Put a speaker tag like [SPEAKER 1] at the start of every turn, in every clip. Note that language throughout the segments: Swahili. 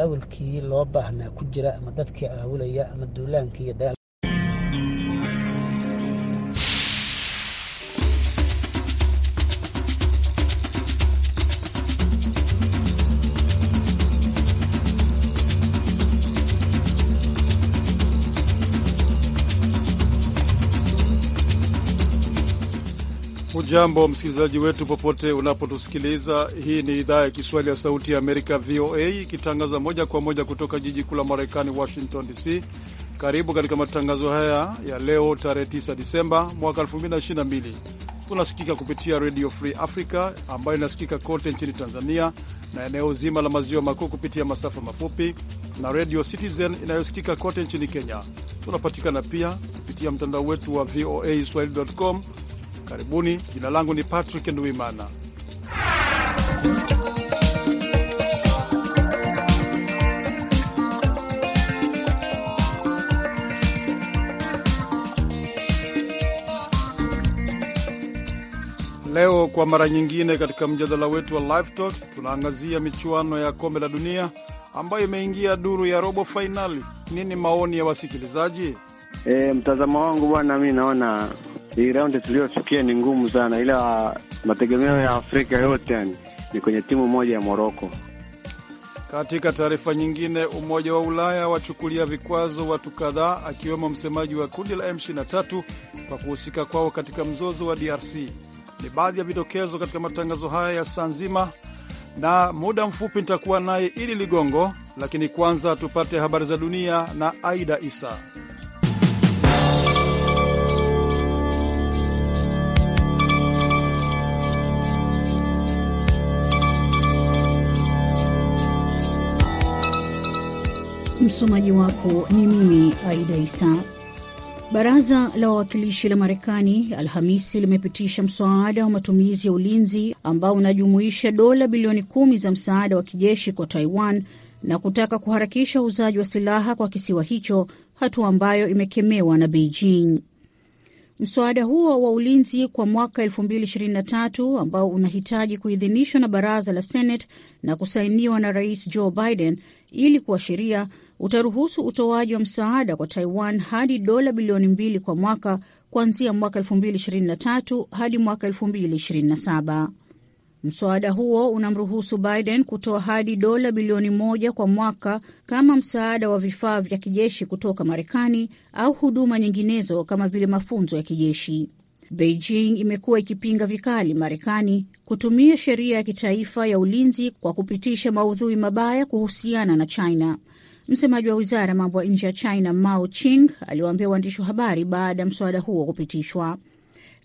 [SPEAKER 1] aawalkii loo baahnaa ku jira ama dadkii aawulaya ama duulaankii iyo dagaal
[SPEAKER 2] Hujambo msikilizaji wetu popote unapotusikiliza. Hii ni idhaa ya Kiswahili ya Sauti ya Amerika, VOA, ikitangaza moja kwa moja kutoka jiji kuu la Marekani, Washington DC. Karibu katika matangazo haya ya leo tarehe 9 Disemba mwaka 2022. Tunasikika kupitia Radio Free Africa ambayo inasikika kote nchini Tanzania na eneo zima la maziwa makuu kupitia masafa mafupi na Radio Citizen inayosikika kote nchini Kenya. Tunapatikana pia kupitia mtandao wetu wa voa swahili.com Karibuni. Jina langu ni Patrick Nduimana. Leo kwa mara nyingine katika mjadala wetu wa Live Talk tunaangazia michuano ya kombe la dunia ambayo imeingia duru ya robo fainali. Nini maoni ya wasikilizaji?
[SPEAKER 3] E, mtazamo wangu bwana, mi naona hii raundi tuliyofikia ni ngumu sana, ila mategemeo ya Afrika yote yani ni kwenye timu moja ya Moroko.
[SPEAKER 2] Katika taarifa nyingine, Umoja wa Ulaya wachukulia vikwazo watu kadhaa akiwemo msemaji wa kundi la M23 kwa kuhusika kwao katika mzozo wa DRC. Ni baadhi ya vidokezo katika matangazo haya ya saa nzima, na muda mfupi nitakuwa naye ili Ligongo, lakini kwanza tupate habari za dunia na Aida Isa.
[SPEAKER 4] Msomaji wako ni mimi Aida Isa. Baraza la Wawakilishi la Marekani Alhamisi limepitisha mswada wa matumizi ya ulinzi ambao unajumuisha dola bilioni kumi za msaada wa kijeshi kwa Taiwan na kutaka kuharakisha uuzaji wa silaha kwa kisiwa hicho, hatua ambayo imekemewa na Beijing. Mswada huo wa ulinzi kwa mwaka 2023 ambao unahitaji kuidhinishwa na baraza la Senate na kusainiwa na Rais Joe Biden ili kuashiria utaruhusu utoaji wa msaada kwa Taiwan hadi dola bilioni mbili kwa mwaka kuanzia mwaka 2023 hadi mwaka 2027. Mswada huo unamruhusu Biden kutoa hadi dola bilioni moja kwa mwaka kama msaada wa vifaa vya kijeshi kutoka Marekani au huduma nyinginezo kama vile mafunzo ya kijeshi. Beijing imekuwa ikipinga vikali Marekani kutumia sheria ya kitaifa ya ulinzi kwa kupitisha maudhui mabaya kuhusiana na China. Msemaji wa wizara ya mambo ya nje ya China Mao Ching aliwaambia waandishi wa habari baada ya mswada huo kupitishwa.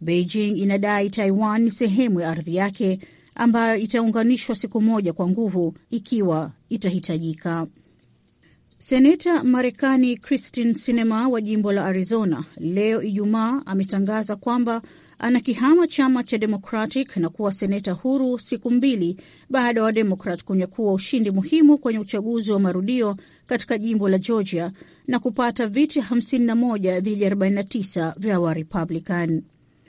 [SPEAKER 4] Beijing inadai Taiwan ni sehemu ya ardhi yake ambayo itaunganishwa siku moja kwa nguvu ikiwa itahitajika. Seneta Marekani cristin Sinema wa jimbo la Arizona leo Ijumaa ametangaza kwamba anakihama chama cha Democratic na kuwa seneta huru siku mbili baada ya Wademokrat kunyakua ushindi muhimu kwenye uchaguzi wa marudio katika jimbo la Georgia na kupata viti 51 dhidi ya 49 vya Warepublican.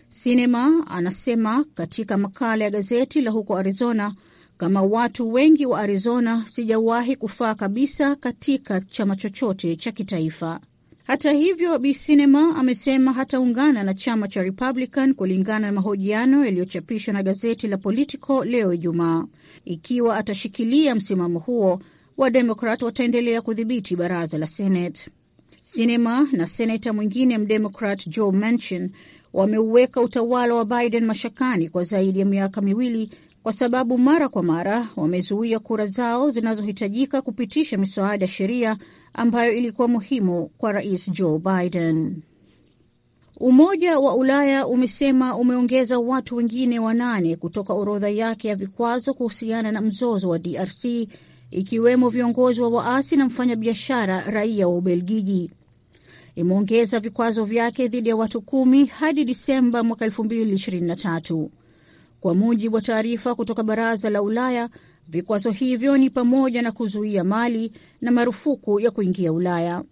[SPEAKER 4] Sinema anasema katika makala ya gazeti la huko Arizona, kama watu wengi wa Arizona, sijawahi kufaa kabisa katika chama chochote cha kitaifa. Hata hivyo, Bi Sinema amesema hataungana na chama cha Republican kulingana na mahojiano yaliyochapishwa na gazeti la Politico leo Ijumaa. Ikiwa atashikilia msimamo huo, Wademokrat wataendelea kudhibiti baraza la Senate. Sinema na seneta mwingine mdemokrat Joe Manchin wameuweka utawala wa Biden mashakani kwa zaidi ya miaka miwili kwa sababu mara kwa mara wamezuia kura zao zinazohitajika kupitisha miswada ya sheria ambayo ilikuwa muhimu kwa Rais Joe Biden. Umoja wa Ulaya umesema umeongeza watu wengine wanane kutoka orodha yake ya vikwazo kuhusiana na mzozo wa DRC, ikiwemo viongozi wa waasi na mfanyabiashara raia wa Ubelgiji. Imeongeza vikwazo vyake dhidi ya watu kumi hadi Disemba mwaka 2023 kwa mujibu wa taarifa kutoka Baraza la Ulaya. Vikwazo hivyo ni pamoja na kuzuia mali na marufuku ya kuingia Ulaya.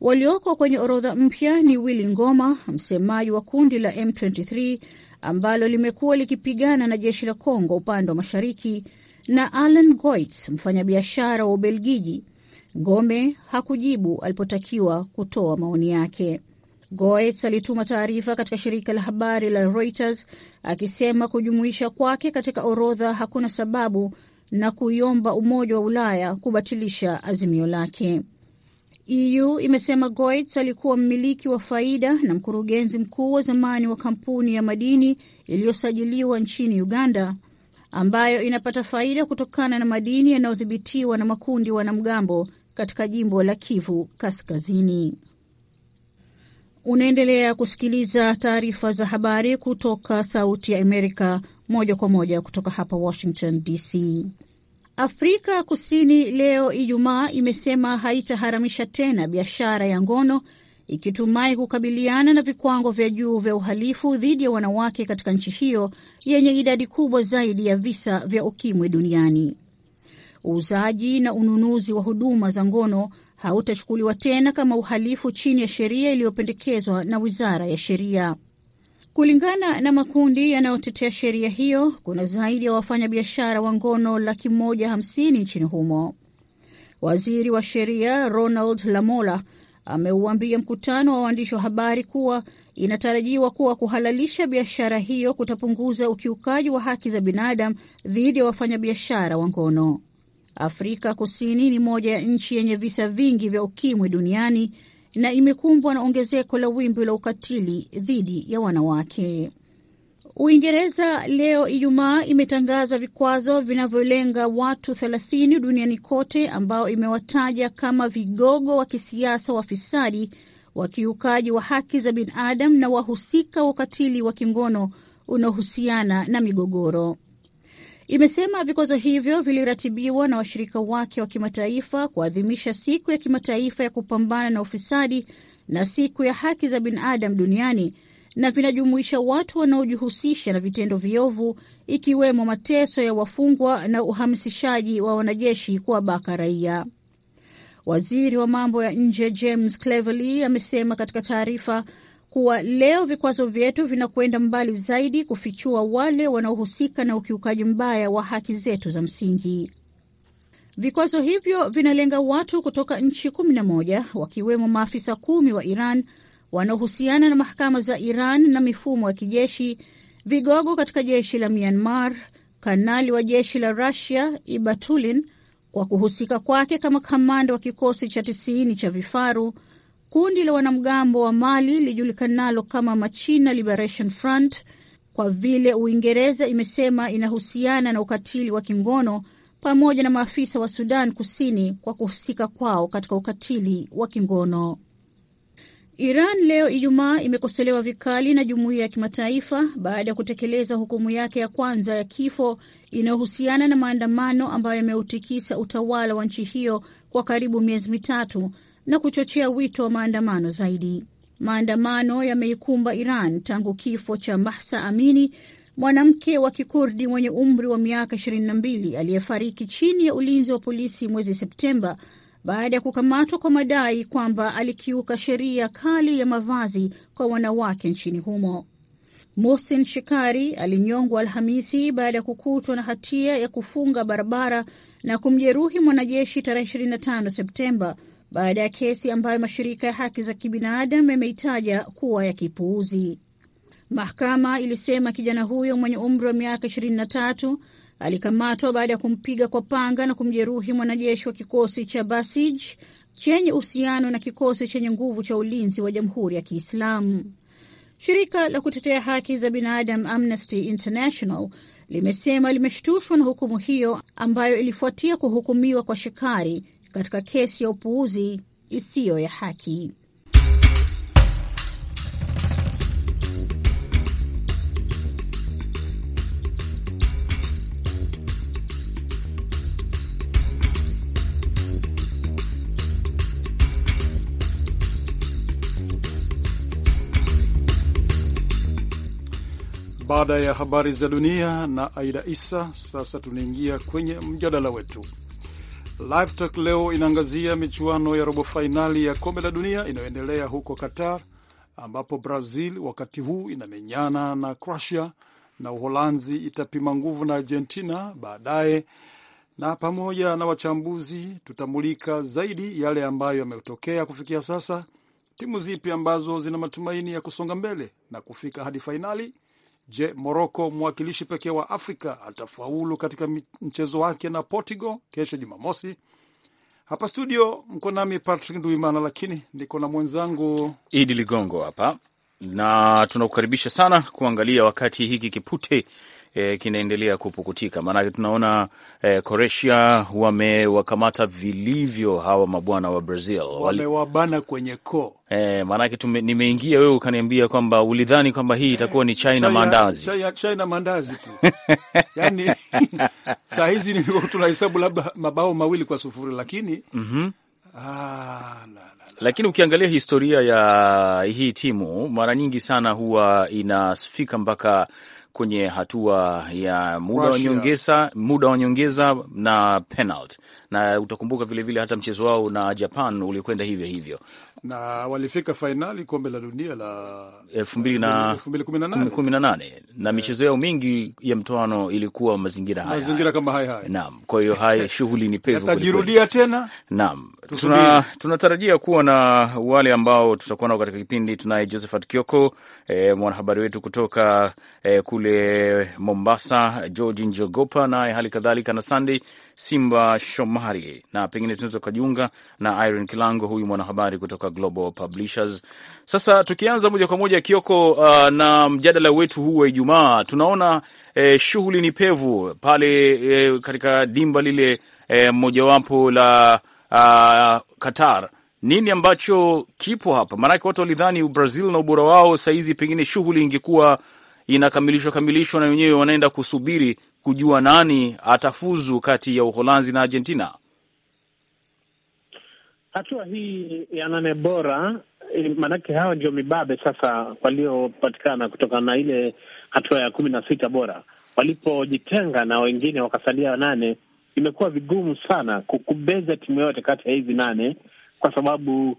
[SPEAKER 4] Walioko kwenye orodha mpya ni Willy Ngoma, msemaji wa kundi la M23 ambalo limekuwa likipigana na jeshi la Kongo upande wa mashariki, na Alan Goits, mfanyabiashara wa Ubelgiji. Ngome hakujibu alipotakiwa kutoa maoni yake. goit alituma taarifa katika shirika la habari la Reuters akisema kujumuisha kwake katika orodha hakuna sababu na kuiomba Umoja wa Ulaya kubatilisha azimio lake. EU imesema goit alikuwa mmiliki wa faida na mkurugenzi mkuu wa zamani wa kampuni ya madini iliyosajiliwa nchini Uganda ambayo inapata faida kutokana na madini yanayodhibitiwa na makundi wanamgambo katika jimbo la Kivu Kaskazini. Unaendelea kusikiliza taarifa za habari kutoka Sauti ya Amerika moja kwa moja kutoka hapa Washington DC. Afrika Kusini leo Ijumaa imesema haitaharamisha tena biashara ya ngono ikitumai kukabiliana na vikwango vya juu vya uhalifu dhidi ya wanawake katika nchi hiyo yenye idadi kubwa zaidi ya visa vya ukimwi duniani. Uuzaji na ununuzi wa huduma za ngono hautachukuliwa tena kama uhalifu chini ya sheria iliyopendekezwa na Wizara ya Sheria. Kulingana na makundi yanayotetea sheria hiyo, kuna zaidi ya wafanyabiashara wa ngono laki moja hamsini nchini humo. Waziri wa sheria Ronald Lamola ameuambia mkutano wa waandishi wa habari kuwa inatarajiwa kuwa kuhalalisha biashara hiyo kutapunguza ukiukaji wa haki za binadamu dhidi ya wafanyabiashara wa ngono. Afrika Kusini ni moja ya nchi yenye visa vingi vya ukimwi duniani na imekumbwa na ongezeko la wimbi la ukatili dhidi ya wanawake. Uingereza leo Ijumaa imetangaza vikwazo vinavyolenga watu 30 duniani kote ambao imewataja kama vigogo wa kisiasa wafisadi, wakiukaji wa haki za binadamu na wahusika wa ukatili wa kingono unaohusiana na migogoro. Imesema vikwazo hivyo viliratibiwa na washirika wake wa kimataifa kuadhimisha siku ya kimataifa ya kupambana na ufisadi na siku ya haki za binadamu duniani na vinajumuisha watu wanaojihusisha na vitendo viovu ikiwemo mateso ya wafungwa na uhamasishaji wa wanajeshi kuwabaka raia. Waziri wa mambo ya nje James Cleverly amesema katika taarifa kuwa leo vikwazo vyetu vinakwenda mbali zaidi kufichua wale wanaohusika na ukiukaji mbaya wa haki zetu za msingi. Vikwazo hivyo vinalenga watu kutoka nchi 11 wakiwemo maafisa kumi wa Iran wanaohusiana na mahakama za Iran na mifumo ya kijeshi, vigogo katika jeshi la Myanmar, kanali wa jeshi la Rusia Ibatulin kwa kuhusika kwake kama kamanda wa kikosi cha 90 cha vifaru Kundi la wanamgambo wa Mali lilijulikanalo kama Machina Liberation Front, kwa vile Uingereza imesema inahusiana na ukatili wa kingono pamoja na maafisa wa Sudan Kusini kwa kuhusika kwao katika ukatili wa kingono. Iran leo Ijumaa imekosolewa vikali na jumuiya ya kimataifa baada ya kutekeleza hukumu yake ya kwanza ya kifo inayohusiana na maandamano ambayo yameutikisa utawala wa nchi hiyo kwa karibu miezi mitatu na kuchochea wito wa maandamano zaidi. Maandamano yameikumba Iran tangu kifo cha Mahsa Amini, mwanamke wa Kikurdi mwenye umri wa miaka 22 aliyefariki chini ya ulinzi wa polisi mwezi Septemba baada ya kukamatwa kwa madai kwamba alikiuka sheria kali ya mavazi kwa wanawake nchini humo. Muhsin Shikari alinyongwa Alhamisi baada ya kukutwa na hatia ya kufunga barabara na kumjeruhi mwanajeshi tarehe 25 Septemba, baada ya kesi ambayo mashirika ya haki za kibinadamu yameitaja kuwa ya kipuuzi. Mahakama ilisema kijana huyo mwenye umri wa miaka 23 alikamatwa baada ya kumpiga kwa panga na kumjeruhi mwanajeshi wa kikosi cha Basij chenye uhusiano na kikosi chenye nguvu cha ulinzi wa Jamhuri ya Kiislamu. Shirika la kutetea haki za binadamu Amnesty International limesema limeshtushwa na hukumu hiyo ambayo ilifuatia kuhukumiwa kwa Shekari katika kesi ya upuuzi isiyo ya haki.
[SPEAKER 2] Baada ya habari za dunia na Aida Isa, sasa tunaingia kwenye mjadala wetu. Live Talk leo inaangazia michuano ya robo fainali ya kombe la dunia inayoendelea huko Qatar, ambapo Brazil wakati huu inamenyana na Croatia na Uholanzi itapima nguvu na Argentina baadaye, na pamoja na wachambuzi tutamulika zaidi yale ambayo yametokea kufikia sasa, timu zipi ambazo zina matumaini ya kusonga mbele na kufika hadi fainali Je, Moroko, mwakilishi pekee wa Afrika, atafaulu katika mchezo wake na Portugal kesho Jumamosi? Hapa studio mko nami Patrick Nduimana, lakini niko na mwenzangu
[SPEAKER 5] Idi Ligongo hapa, na tunakukaribisha sana kuangalia wakati hiki kipute e, kinaendelea kupukutika, maanake tunaona e, Croatia wamewakamata vilivyo hawa mabwana wa Brazil,
[SPEAKER 2] wamewabana kwenye koo
[SPEAKER 5] e, maanake nimeingia, wewe ukaniambia kwamba ulidhani kwamba hii itakuwa ni China, China mandazi
[SPEAKER 2] China, China tu yani, saa hizi tunahesabu labda mabao mawili kwa sufuri lakini mm -hmm. Ah,
[SPEAKER 5] la, la, la. Lakini ukiangalia historia ya hii timu mara nyingi sana huwa inafika mpaka kwenye hatua ya muda wa nyongeza, muda wa nyongeza na penalt na utakumbuka vilevile vile hata mchezo wao na Japan ulikwenda hivyo hivyo,
[SPEAKER 2] na walifika fainali kombe la dunia la
[SPEAKER 5] elfu mbili kumi na nane na michezo yao mingi ya mtoano ilikuwa mazingira haya
[SPEAKER 2] mazingira kama haya haya. Naam,
[SPEAKER 5] kwa hiyo haya shughuli ni pevu tajirudia tena. Naam, tuna tunatarajia kuwa na wale ambao tutakuwa nao katika kipindi. Tunaye Josephat Kioko, eh, mwanahabari wetu kutoka eh, kule Mombasa, George Njogopa naye hali kadhalika na Sunday Simba Shomari, na pengine tunaweza tukajiunga na Irene Kilango, huyu mwanahabari kutoka Global Publishers. Sasa tukianza moja kwa moja Kioko, uh, na mjadala wetu huu wa Ijumaa, tunaona eh, shughuli ni pevu pale eh, katika dimba lile eh, mojawapo la uh, Qatar. Nini ambacho kipo hapa? Maanake watu walidhani Brazil na ubora wao, sahizi pengine shughuli ingekuwa inakamilishwa kamilishwa, na wenyewe wanaenda kusubiri kujua nani atafuzu kati ya Uholanzi na Argentina.
[SPEAKER 1] Hatua hii ya nane bora, eh, maanake hawa ndio mibabe sasa waliopatikana kutokana na ile hatua ya kumi na sita bora. Walipojitenga na wengine wakasalia nane, imekuwa vigumu sana kubeza timu yote kati ya hizi nane kwa sababu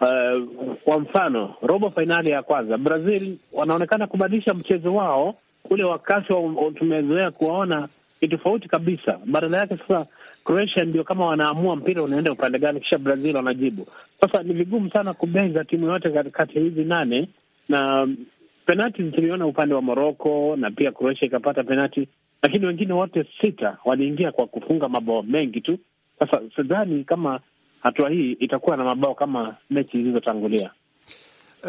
[SPEAKER 1] uh, kwa mfano robo fainali ya kwanza Brazil wanaonekana kubadilisha mchezo wao ule wakasi tumezoea kuwaona ni tofauti kabisa. Badala yake sasa Croatia ndio kama wanaamua mpira unaenda upande gani, kisha Brazil wanajibu. Sasa ni vigumu sana kubeza timu yote kati ya hizi nane, na penati tuliona upande wa Moroko na pia Croatia ikapata penati, lakini wengine wote sita waliingia kwa kufunga mabao mengi tu. Sasa sidhani kama hatua hii itakuwa na mabao kama mechi zilizotangulia.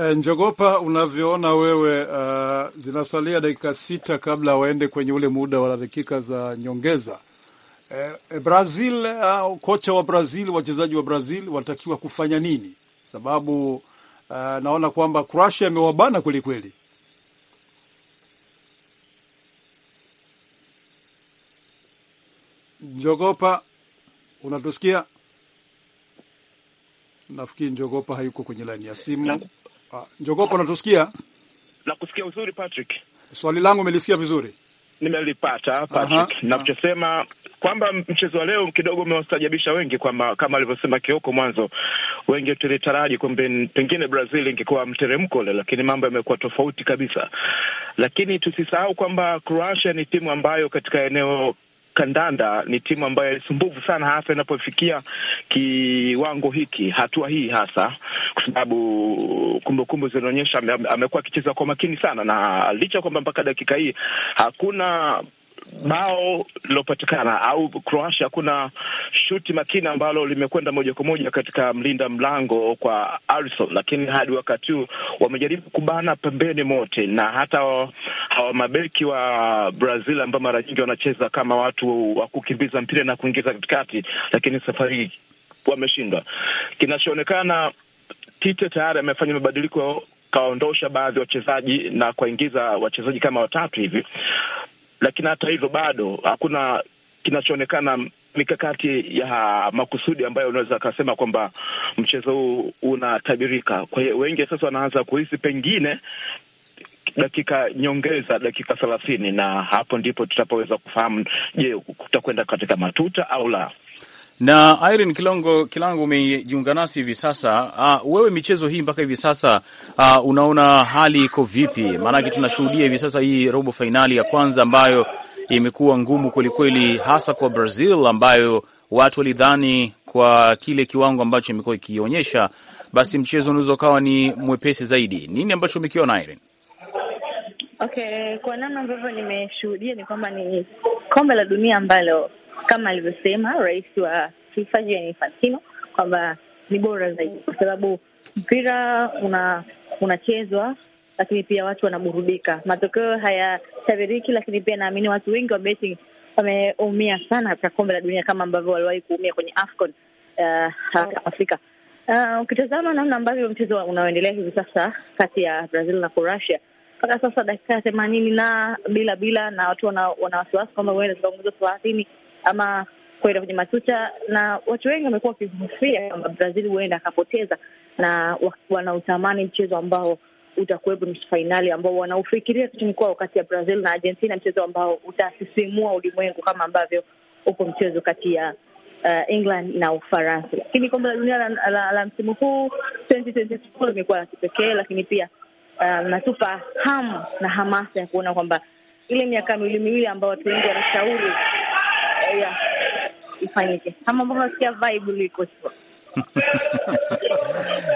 [SPEAKER 2] E, Njogopa, unavyoona wewe, uh, zinasalia dakika sita kabla waende kwenye ule muda wa dakika za nyongeza. E, Brazil, uh, kocha wa Brazil, wachezaji wa Brazil wanatakiwa kufanya nini? Sababu uh, naona kwamba Croatia amewabana kwelikweli. Njogopa, unatusikia? Nafikiri Njogopa hayuko kwenye laini ya simu. Ah, Njogopa, unatusikia? Nakusikia uzuri Patrick. Swali langu umelisikia vizuri? Nimelipata
[SPEAKER 6] Patrick, na nachosema kwamba mchezo wa leo kidogo umewastajabisha wengi, kwamba kama alivyosema Kioko mwanzo, wengi tulitaraji kwamba pengine Brazil ingekuwa mteremko leo, lakini mambo yamekuwa tofauti kabisa. Lakini tusisahau kwamba Croatia ni timu ambayo katika eneo kandanda ni timu ambayo sumbufu sana, hasa inapofikia kiwango hiki, hatua hii, hasa kwa sababu kumbukumbu zinaonyesha amekuwa akicheza kwa makini sana, na licha kwamba mpaka dakika hii hakuna bao lilopatikana au Croatia kuna shuti makini ambalo limekwenda moja kwa moja katika mlinda mlango kwa Alisson, lakini hadi wakati huu wamejaribu kubana pembeni mote, na hata hawa mabeki wa Brazil ambao mara nyingi wanacheza kama watu wa kukimbiza mpira na kuingiza katikati, lakini safari wameshindwa. Kinachoonekana Tite tayari amefanya mabadiliko kaondosha baadhi ya wachezaji na kuwaingiza wachezaji kama watatu hivi. Lakini hata hivyo bado hakuna kinachoonekana mikakati ya makusudi ambayo unaweza akasema kwamba mchezo huu unatabirika. Kwa hiyo wengi sasa wanaanza kuhisi pengine dakika nyongeza dakika thelathini, na hapo ndipo tutapoweza
[SPEAKER 5] kufahamu, je, kutakwenda katika matuta au la na Irene Kilongo Kilango, umejiunga nasi hivi sasa. Uh, wewe michezo hii mpaka hivi sasa uh, unaona hali iko vipi? Maanake tunashuhudia hivi sasa hii robo fainali ya kwanza ambayo imekuwa ngumu kwelikweli, hasa kwa Brazil ambayo watu walidhani kwa kile kiwango ambacho imekuwa ikionyesha, basi mchezo unaweza ukawa ni mwepesi zaidi. Nini ambacho umekiona Irene?
[SPEAKER 7] Okay, kwa namna ambavyo nimeshuhudia ni kwamba ni kombe la dunia ambalo kama alivyosema rais wa FIFA Gianni Infantino kwamba ni bora zaidi, kwa sababu mpira una unachezwa lakini pia watu wanaburudika. Matokeo hayatabiriki, lakini pia naamini watu wengi wa betting wameumia sana katika kombe la dunia kama ambavyo waliwahi kuumia kwenye AFCON uh, Afrika. Oh. Uh, ukitazama namna ambavyo mchezo unaoendelea hivi sasa kati ya Brazil na Croatia mpaka sasa dakika themanini na bila bila, na watu wana wasiwasi kwamba huenda zikaongezwa thelathini ama kwenda kwenye matuta, na watu wengi wamekuwa wakihofia kwamba Brazil huenda akapoteza, na wanautamani mchezo ambao utakuwepo nusu fainali, ambao wanaufikiria tu kwao, kati ya Brazil na Argentina, mchezo ambao utasisimua ulimwengu kama ambavyo upo mchezo kati ya Uh, England na Ufaransa. Lakini kombe la dunia la msimu huu 2022 limekuwa la kipekee, lakini pia uh, natupa hamu na hamasa ya kuona kwamba ile miaka miwili miwili ambao watu wengi wanashauri ya ifanyike kama ambavyo nasikia vibe liko sio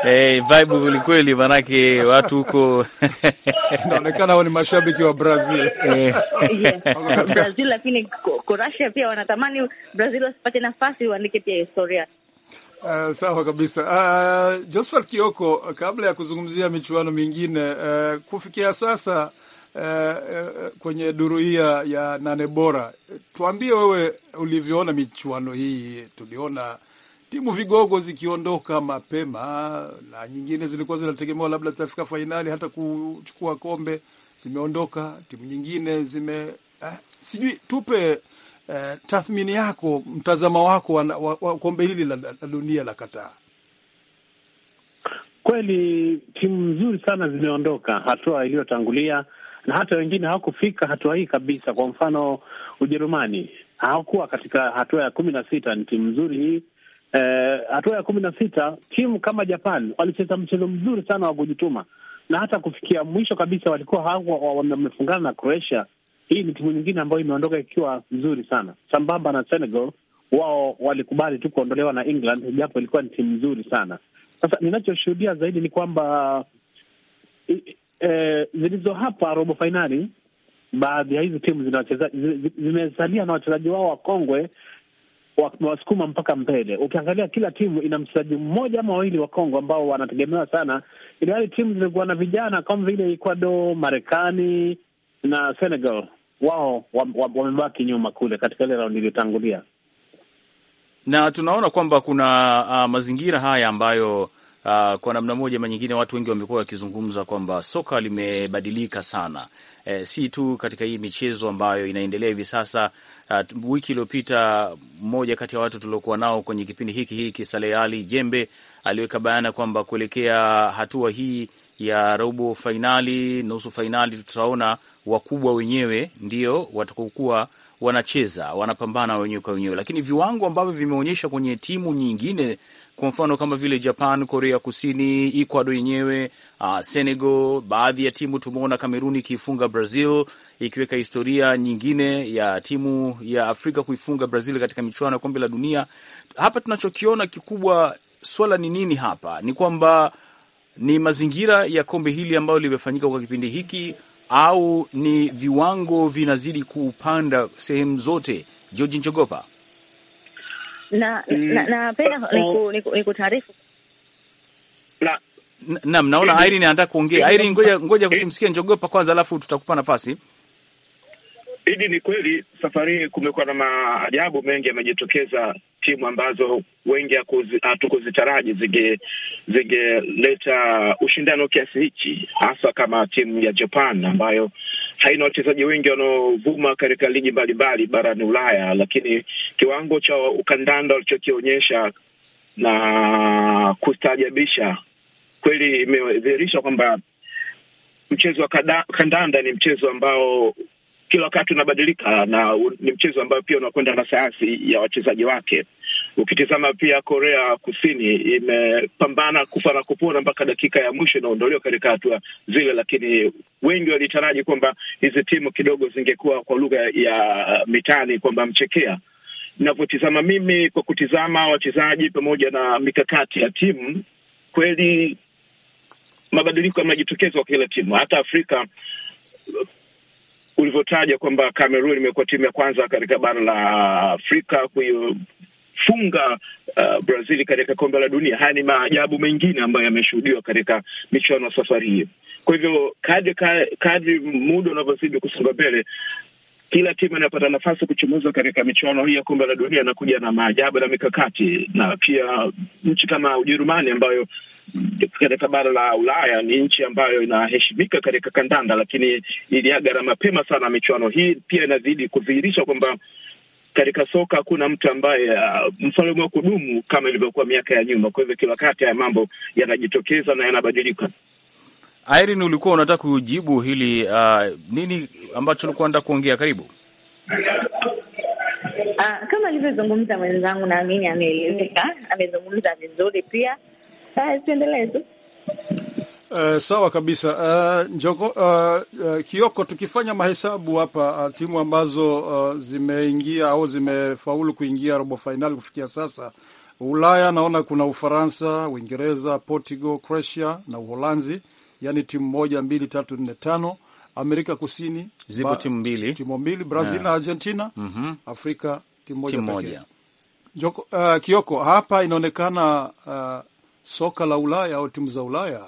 [SPEAKER 5] Hey, vibe kwelikweli, manake watu huko
[SPEAKER 2] inaonekana wao ni mashabiki wa Brazil eh. Brazil,
[SPEAKER 7] lakini kwa Russia pia wanatamani Brazil wasipate nafasi, waandike pia historia.
[SPEAKER 2] Uh, sawa kabisa. Uh, Josephat Kioko, kabla ya kuzungumzia michuano mingine, uh, kufikia sasa Eh, eh, kwenye duru hii ya nane bora. Tuambie wewe ulivyoona michuano hii. Tuliona timu vigogo zikiondoka mapema na nyingine zilikuwa zinategemewa labda zitafika fainali hata kuchukua kombe zimeondoka, timu nyingine zime eh, sijui tupe eh, tathmini yako, mtazamo wako wa, wa, wa kombe hili la, la dunia la Kataa.
[SPEAKER 1] Kweli timu nzuri sana zimeondoka hatua iliyotangulia na hata wengine hawakufika hatua hii kabisa. Kwa mfano, Ujerumani hawakuwa katika hatua ya kumi na sita. Ni timu nzuri hii. Eh, hatua ya kumi na sita, timu kama Japan walicheza mchezo mzuri sana wa kujituma, na hata kufikia mwisho kabisa walikuwa wamefungana na Croatia. Hii ni timu nyingine ambayo imeondoka ikiwa nzuri sana, sambamba na Senegal. Wao walikubali tu kuondolewa na England, japo ilikuwa ni timu nzuri sana. Sasa ninachoshuhudia zaidi ni kwamba eh, zilizo hapa robo fainali, baadhi ya hizi timu zimesalia na wachezaji wao wakongwe wasukuma mpaka mbele. Ukiangalia kila timu ina mchezaji mmoja ama wawili wa Kongo ambao wanategemewa sana, ilihali timu zimekuwa na vijana kama vile Ecuador, Marekani na Senegal, wao wamebaki nyuma kule katika ile raundi iliyotangulia,
[SPEAKER 5] na tunaona kwamba kuna uh, mazingira haya ambayo Ah, kwa namna moja ama nyingine watu wengi wamekuwa wakizungumza kwamba soka limebadilika sana, e, si tu katika hii michezo ambayo inaendelea hivi sasa. Uh, wiki iliyopita mmoja kati ya watu tuliokuwa nao kwenye kipindi hiki hiki, Saleh Ali Jembe, aliweka bayana kwamba kuelekea hatua hii ya robo fainali, nusu fainali, tutaona wakubwa wenyewe ndio watakokuwa wanacheza wanapambana wenyewe kwa wenyewe, lakini viwango ambavyo vimeonyesha kwenye timu nyingine, kwa mfano kama vile Japan, Korea Kusini, Ecuador yenyewe, uh, Senegal, baadhi ya timu tumeona Kameruni ikiifunga Brazil, ikiweka historia nyingine ya timu ya Afrika kuifunga Brazil katika michuano ya kombe la dunia. Hapa tunachokiona kikubwa, swala ni nini hapa, ni kwamba ni mazingira ya kombe hili ambayo limefanyika kwa kipindi hiki au ni viwango vinazidi kupanda sehemu zote? George Njogopa.
[SPEAKER 7] na mm. napenda oh. nikutaarifu
[SPEAKER 5] naam, naona mm-hmm. Irene anataka kuongea. Mm-hmm. Irene, ngoja ngoja tumsikie Njogopa kwanza, alafu tutakupa nafasi Idi, ni kweli
[SPEAKER 6] safari hii kumekuwa na maajabu mengi yamejitokeza, timu ambazo wengi hatukuzitaraji zingeleta ushindano kiasi hichi, hasa kama timu ya Japan ambayo haina wachezaji wengi wanaovuma katika ligi mbalimbali barani Ulaya, lakini kiwango cha ukandanda walichokionyesha na kustaajabisha kweli, imedhihirisha kwamba mchezo wa kandanda ni mchezo ambao kila wakati unabadilika, na ni mchezo ambayo pia unakwenda na sayansi ya wachezaji wake. Ukitizama pia Korea Kusini imepambana kufa na kupona mpaka dakika ya mwisho inaondolewa katika hatua zile, lakini wengi walitaraji kwamba hizi timu kidogo zingekuwa kwa lugha ya mitaani kwamba mchekea navyotizama mimi kwa kutizama wachezaji pamoja na mikakati ya timu, kweli mabadiliko yamejitokeza kwa kila timu. Hata Afrika ulivyotaja kwamba Cameroon imekuwa timu ya kwanza katika bara la Afrika kuifunga uh, Brazil katika kombe la dunia. Haya ni maajabu mengine ambayo yameshuhudiwa katika michuano ya safari hii. Kwa hivyo kadri, kadri muda unavyozidi kusonga mbele kila timu inayopata nafasi kuchunguza katika michuano hii ya kombe la dunia kuja na maajabu na mikakati, na pia nchi kama Ujerumani ambayo katika bara la Ulaya ni nchi ambayo inaheshimika katika kandanda, lakini iliagara mapema sana michuano hii. Pia inazidi kudhihirisha kwamba katika soka hakuna mtu ambaye uh, mfalme wa kudumu kama ilivyokuwa miaka ya nyuma. Kwa hivyo kila wakati haya mambo yanajitokeza na yanabadilika.
[SPEAKER 5] Irene, ulikuwa unataka kujibu hili uh, nini ambacho ulikuwa unataka kuongea? Karibu.
[SPEAKER 7] Uh, kama alivyozungumza mwenzangu, naamini ameeleweka, amezungumza vizuri pia Tuendelee
[SPEAKER 2] Uh, sawa kabisa uh, Njoko, uh, uh, Kioko, tukifanya mahesabu hapa uh, timu ambazo uh, zimeingia au zimefaulu kuingia robo fainali kufikia sasa Ulaya, naona kuna Ufaransa, Uingereza, Portugal, Croatia na Uholanzi, yani timu moja, mbili, tatu, nne, tano. Amerika Kusini zipo timu mbili, timu mbili Brazil na Argentina mm -hmm. Afrika timu moja pekee. Joko, uh, Kioko, hapa inaonekana uh, soka la Ulaya au timu za Ulaya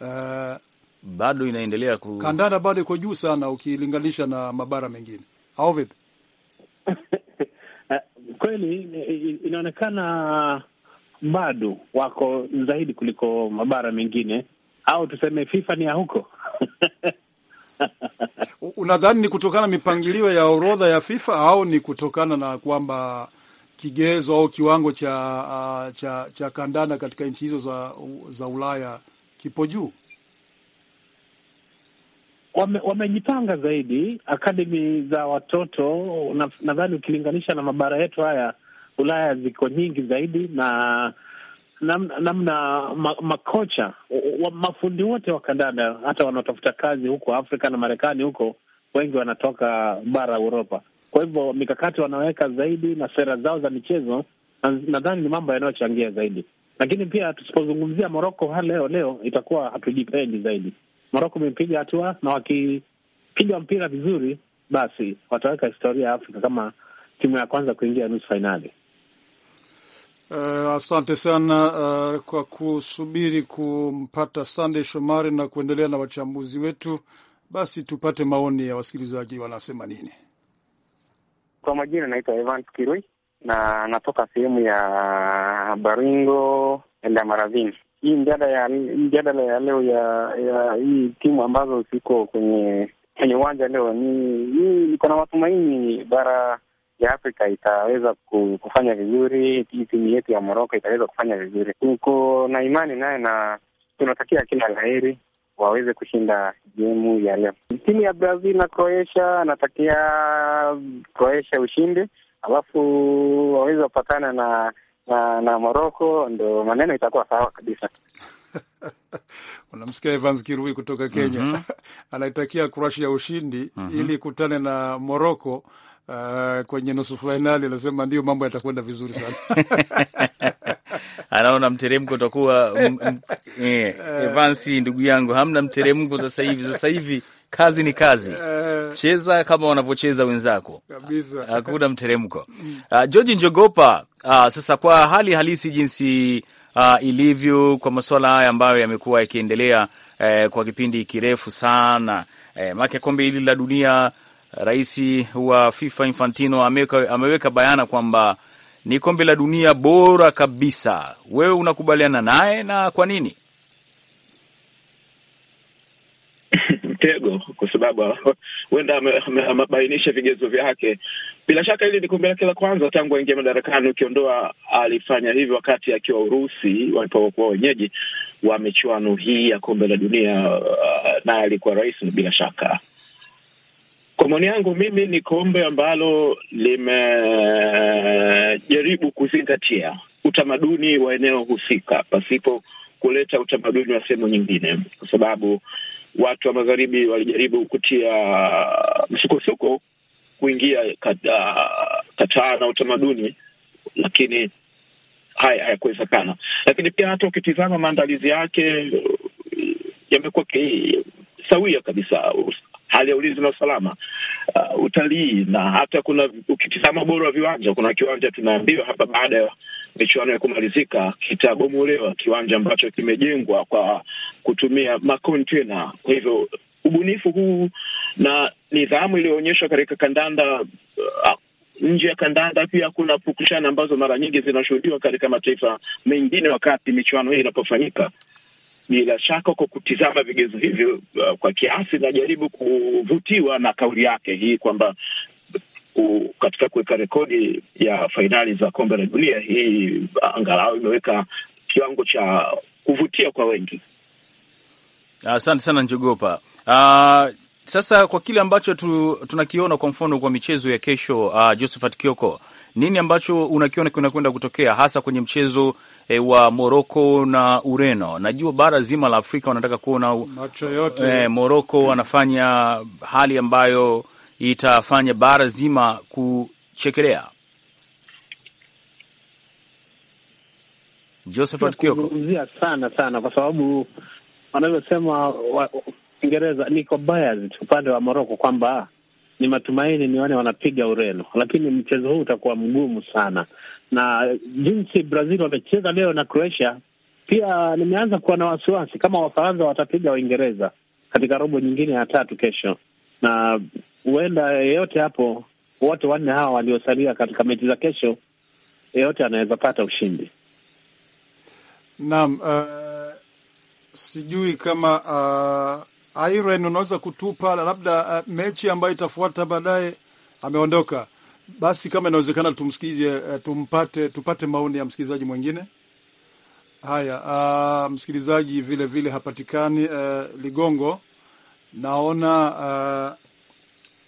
[SPEAKER 2] uh,
[SPEAKER 5] bado inaendelea ku... kandanda
[SPEAKER 2] bado iko juu sana ukilinganisha na mabara mengine au vipi? Kweli inaonekana
[SPEAKER 1] bado wako zaidi kuliko mabara mengine, au tuseme FIFA ni ya huko
[SPEAKER 2] unadhani ni kutokana na mipangilio ya orodha ya FIFA au ni kutokana na kwamba kigezo au kiwango cha, uh, cha cha kandanda katika nchi hizo za, za Ulaya kipo juu. Wame, wamejipanga zaidi akademi za watoto
[SPEAKER 1] nadhani, na ukilinganisha na mabara yetu haya Ulaya ziko nyingi zaidi, na namna na, na, ma, makocha wa, mafundi wote wa kandanda hata wanaotafuta kazi huko Afrika na Marekani huko wengi wanatoka bara Uropa. Kwa hivyo mikakati wanaweka zaidi na sera zao za michezo, nadhani ni mambo yanayochangia zaidi, lakini pia tusipozungumzia Moroko leo leo itakuwa hatujipendi zaidi. Moroko imepiga hatua na wakipiga mpira vizuri, basi wataweka historia ya Afrika kama timu ya kwanza kuingia nusu fainali.
[SPEAKER 2] Uh, eh, asante sana uh, kwa kusubiri kumpata sandey Shomari na kuendelea na wachambuzi wetu. Basi tupate maoni ya wasikilizaji wanasema nini.
[SPEAKER 3] Kwa majina naitwa Evans Kirui na natoka sehemu ya Baringo la Maravini. Hii mjadala ya leo ya, ya hii timu ambazo ziko kwenye kwenye uwanja leo, ni niko na matumaini bara ya Afrika itaweza kufanya vizuri. Hii timu yetu ya Moroko itaweza kufanya vizuri, tuko na imani naye na tunatakia kila laheri waweze kushinda gemu ya leo. Timu ya Brazil na Croatia, anatakia Croatia ushindi, alafu waweze wapatana na na, na Moroko, ndo maneno itakuwa sawa kabisa.
[SPEAKER 2] Unamsikia Evans Kirui kutoka Kenya. mm -hmm. anaitakia Croatia ushindi mm -hmm. ili ikutane na moroko uh, kwenye nusu fainali, anasema ndio mambo yatakwenda vizuri sana
[SPEAKER 5] anaona mteremko utakuwa eh, eh, Evansi ndugu yangu, hamna mteremko sasa hivi. Sasa hivi kazi ni kazi,
[SPEAKER 2] eh.
[SPEAKER 5] cheza kama wanavyocheza wenzako, hakuna mteremko. Uh, George Njogopa, uh, sasa kwa hali halisi jinsi uh, ilivyo kwa masuala haya ambayo yamekuwa yakiendelea eh, kwa kipindi kirefu sana eh, make kombe hili la dunia rais wa FIFA Infantino ameweka, ameweka bayana kwamba ni kombe la dunia bora kabisa. Wewe unakubaliana naye na kwa nini?
[SPEAKER 6] Mtego, kwa sababu huenda amebainisha vigezo vyake. Bila shaka hili ni kombe lake la kwanza tangu aingia madarakani, ukiondoa alifanya hivyo wakati akiwa Urusi walipokuwa wenyeji wa michuano hii ya kombe la dunia, uh, naye alikuwa rais bila shaka kwa maoni yangu mimi ni kombe ambalo limejaribu kuzingatia utamaduni wa eneo husika pasipo kuleta utamaduni wa sehemu nyingine, kwa sababu watu wa magharibi walijaribu kutia msukosuko kuingia ah, kataa na utamaduni, lakini haya hayakuwezekana. Lakini pia hata ukitizama maandalizi yake yamekuwa sawia kabisa hali ya ulinzi na usalama, uh, utalii na hata kuna, ukitizama ubora wa viwanja, kuna kiwanja tunaambiwa hapa baada ya michuano ya kumalizika kitabomolewa, kiwanja ambacho kimejengwa kwa kutumia makontena. Kwa hivyo ubunifu huu na nidhamu iliyoonyeshwa katika kandanda uh, nje ya kandanda pia kuna pukushani ambazo mara nyingi zinashuhudiwa katika mataifa mengine wakati michuano hii inapofanyika. Bila shaka kwa kutizama vigezo hivyo uh, kwa kiasi najaribu kuvutiwa na kauli yake hii kwamba katika kuweka rekodi ya fainali za kombe la dunia hii angalau imeweka kiwango cha kuvutia kwa wengi.
[SPEAKER 5] Asante sana Njogopa. Uh, sasa kwa kile ambacho tu, tunakiona kwa mfano kwa michezo ya kesho uh, Josephat Kioko nini ambacho unakiona kinakwenda kutokea hasa kwenye mchezo e, wa Moroko na Ureno? Najua bara zima la Afrika wanataka kuona macho yote e, eh, Moroko wanafanya hali ambayo itafanya bara zima kuchekelea. Josephat Kioko,
[SPEAKER 1] sana sana kwa sababu wanavyosema Kiingereza niko biased upande wa Moroko kwamba ni matumaini nione wanapiga Ureno, lakini mchezo huu utakuwa mgumu sana, na jinsi Brazil wamecheza leo na Croatia, pia nimeanza kuwa na wasiwasi kama Wafaransa watapiga Waingereza katika robo nyingine ya tatu kesho, na huenda yeyote hapo, wote wanne hawa waliosalia katika mechi za kesho, yeyote anaweza pata ushindi.
[SPEAKER 2] Naam, uh, sijui kama uh Iren, unaweza kutupa labda uh, mechi ambayo itafuata baadaye, ameondoka basi, kama inawezekana tumsikize, uh, tumpate tupate maoni ya msikilizaji mwingine. Haya, uh, msikilizaji vile vile hapatikani. Uh, Ligongo, naona uh,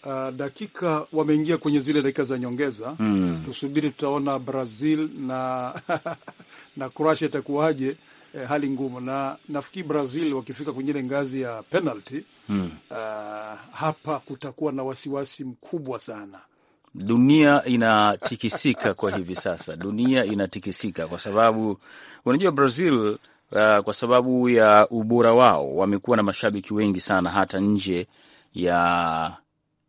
[SPEAKER 2] Uh, dakika wameingia kwenye zile dakika za nyongeza hmm. Tusubiri, tutaona Brazil na na Croatia itakuwaje eh, hali ngumu, na nafikiri Brazil wakifika kwenye ile ngazi ya penalty hmm. uh, hapa kutakuwa na wasiwasi mkubwa sana.
[SPEAKER 5] Dunia inatikisika kwa hivi sasa, dunia inatikisika kwa sababu unajua Brazil Uh, kwa sababu ya ubora wao wamekuwa na mashabiki wengi sana hata nje ya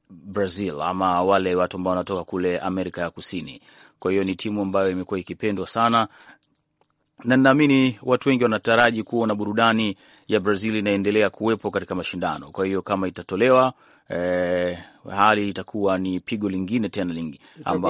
[SPEAKER 5] Brazil ama wale watu ambao wanatoka kule Amerika ya Kusini. Kwa hiyo ni timu ambayo imekuwa ikipendwa sana na ninaamini watu wengi wanataraji kuona burudani ya Brazil inaendelea kuwepo katika mashindano. Kwa hiyo kama itatolewa eh, hali itakuwa ni pigo lingine tena lingi,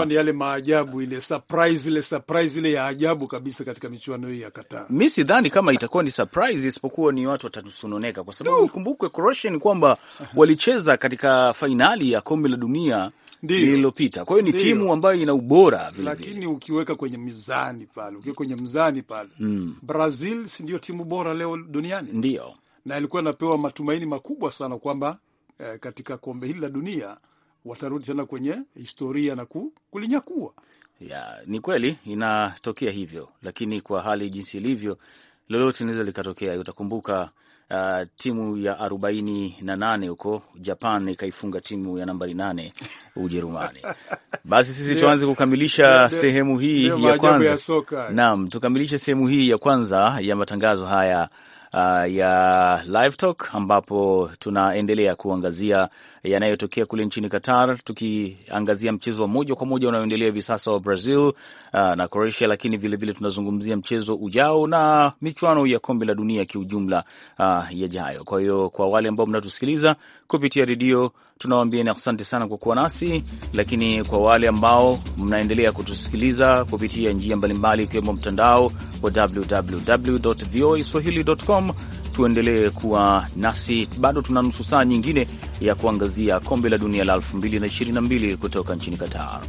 [SPEAKER 5] ni
[SPEAKER 2] yale maajabu, ile surprise, ile surprise ile ya ajabu kabisa katika michuano hii ya
[SPEAKER 5] Mi sidhani kama itakuwa ni surprise, isipokuwa ni watu watatusononeka, kwa sababu ikumbukwe Croatia ni kwamba walicheza katika fainali ya kombe la dunia lililopita. Kwa hiyo ni timu
[SPEAKER 2] ambayo ina ubora vile lakini Ukiweka kwenye mizani pale, ukiweka kwenye mzani pale mm. Brazil si ndio timu bora leo duniani? Ndio, na ilikuwa inapewa matumaini makubwa sana kwamba eh, katika kombe hili la dunia watarudi tena kwenye historia na kulinyakua.
[SPEAKER 5] Ya, ni kweli inatokea hivyo, lakini kwa hali jinsi ilivyo, lolote linaweza likatokea. Utakumbuka uh, timu ya arobaini na nane huko Japan ikaifunga timu ya nambari nane Ujerumani. Basi sisi tuanze kukamilisha sehemu hii ya kwanza. Naam, tukamilishe sehemu hii ya kwanza ya matangazo haya uh, ya Live Talk ambapo tunaendelea kuangazia yanayotokea kule nchini Qatar, tukiangazia mchezo wa moja kwa moja unaoendelea hivi sasa wa Brazil uh, na Croatia, lakini vilevile vile tunazungumzia mchezo ujao na michuano ya kombe la dunia kiujumla uh, yajayo. Kwa hiyo kwa wale ambao mnatusikiliza kupitia redio ni asante sana kwa kuwa nasi, lakini kwa wale ambao mnaendelea kutusikiliza kupitia njia mbalimbali ikiwemo mtandao wa www voa swahili.com, tuendelee kuwa nasi. Bado tuna nusu saa nyingine ya kuangazia kombe la dunia la 2022 kutoka nchini Qatar.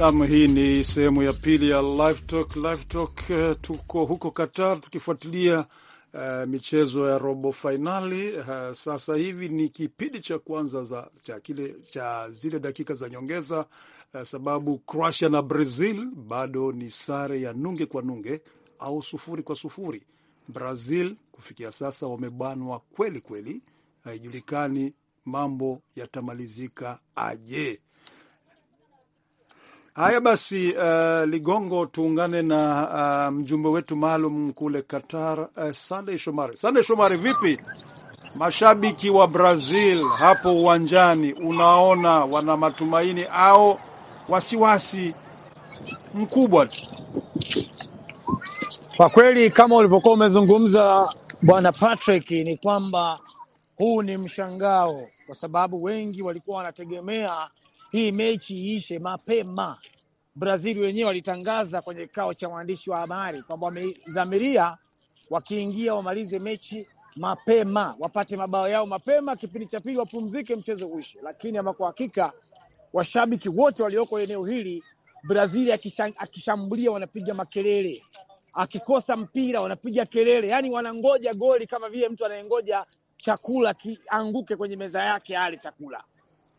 [SPEAKER 2] Nam, hii ni sehemu ya pili ya Live Talk. Live Talk, eh, tuko huko Qatar tukifuatilia uh, michezo ya robo fainali uh, eh, sasa hivi ni kipindi cha kwanza za, cha, kile, cha zile dakika za nyongeza uh, sababu Croatia na Brazil bado ni sare ya nunge kwa nunge au sufuri kwa sufuri. Brazil kufikia sasa wamebanwa kweli kweli, haijulikani mambo yatamalizika aje Haya basi, uh, Ligongo, tuungane na uh, mjumbe wetu maalum kule Qatar, uh, Sandey Shomari. Sandey Shomari, vipi mashabiki wa Brazil hapo uwanjani, unaona wana matumaini au wasiwasi mkubwa?
[SPEAKER 8] Kwa kweli kama ulivyokuwa umezungumza Bwana Patrick, ni kwamba huu ni mshangao, kwa sababu wengi walikuwa wanategemea hii mechi iishe mapema. Brazil wenyewe walitangaza kwenye kikao cha waandishi wa habari kwamba wamedhamiria wakiingia wamalize mechi mapema, wapate mabao yao mapema, kipindi cha pili wapumzike, mchezo uishe. Lakini ama kwa hakika washabiki wote walioko eneo hili, Brazil akishambulia wanapiga makelele, akikosa mpira wanapiga kelele, yani wanangoja goli kama vile mtu anayengoja chakula kianguke kwenye meza yake ale chakula.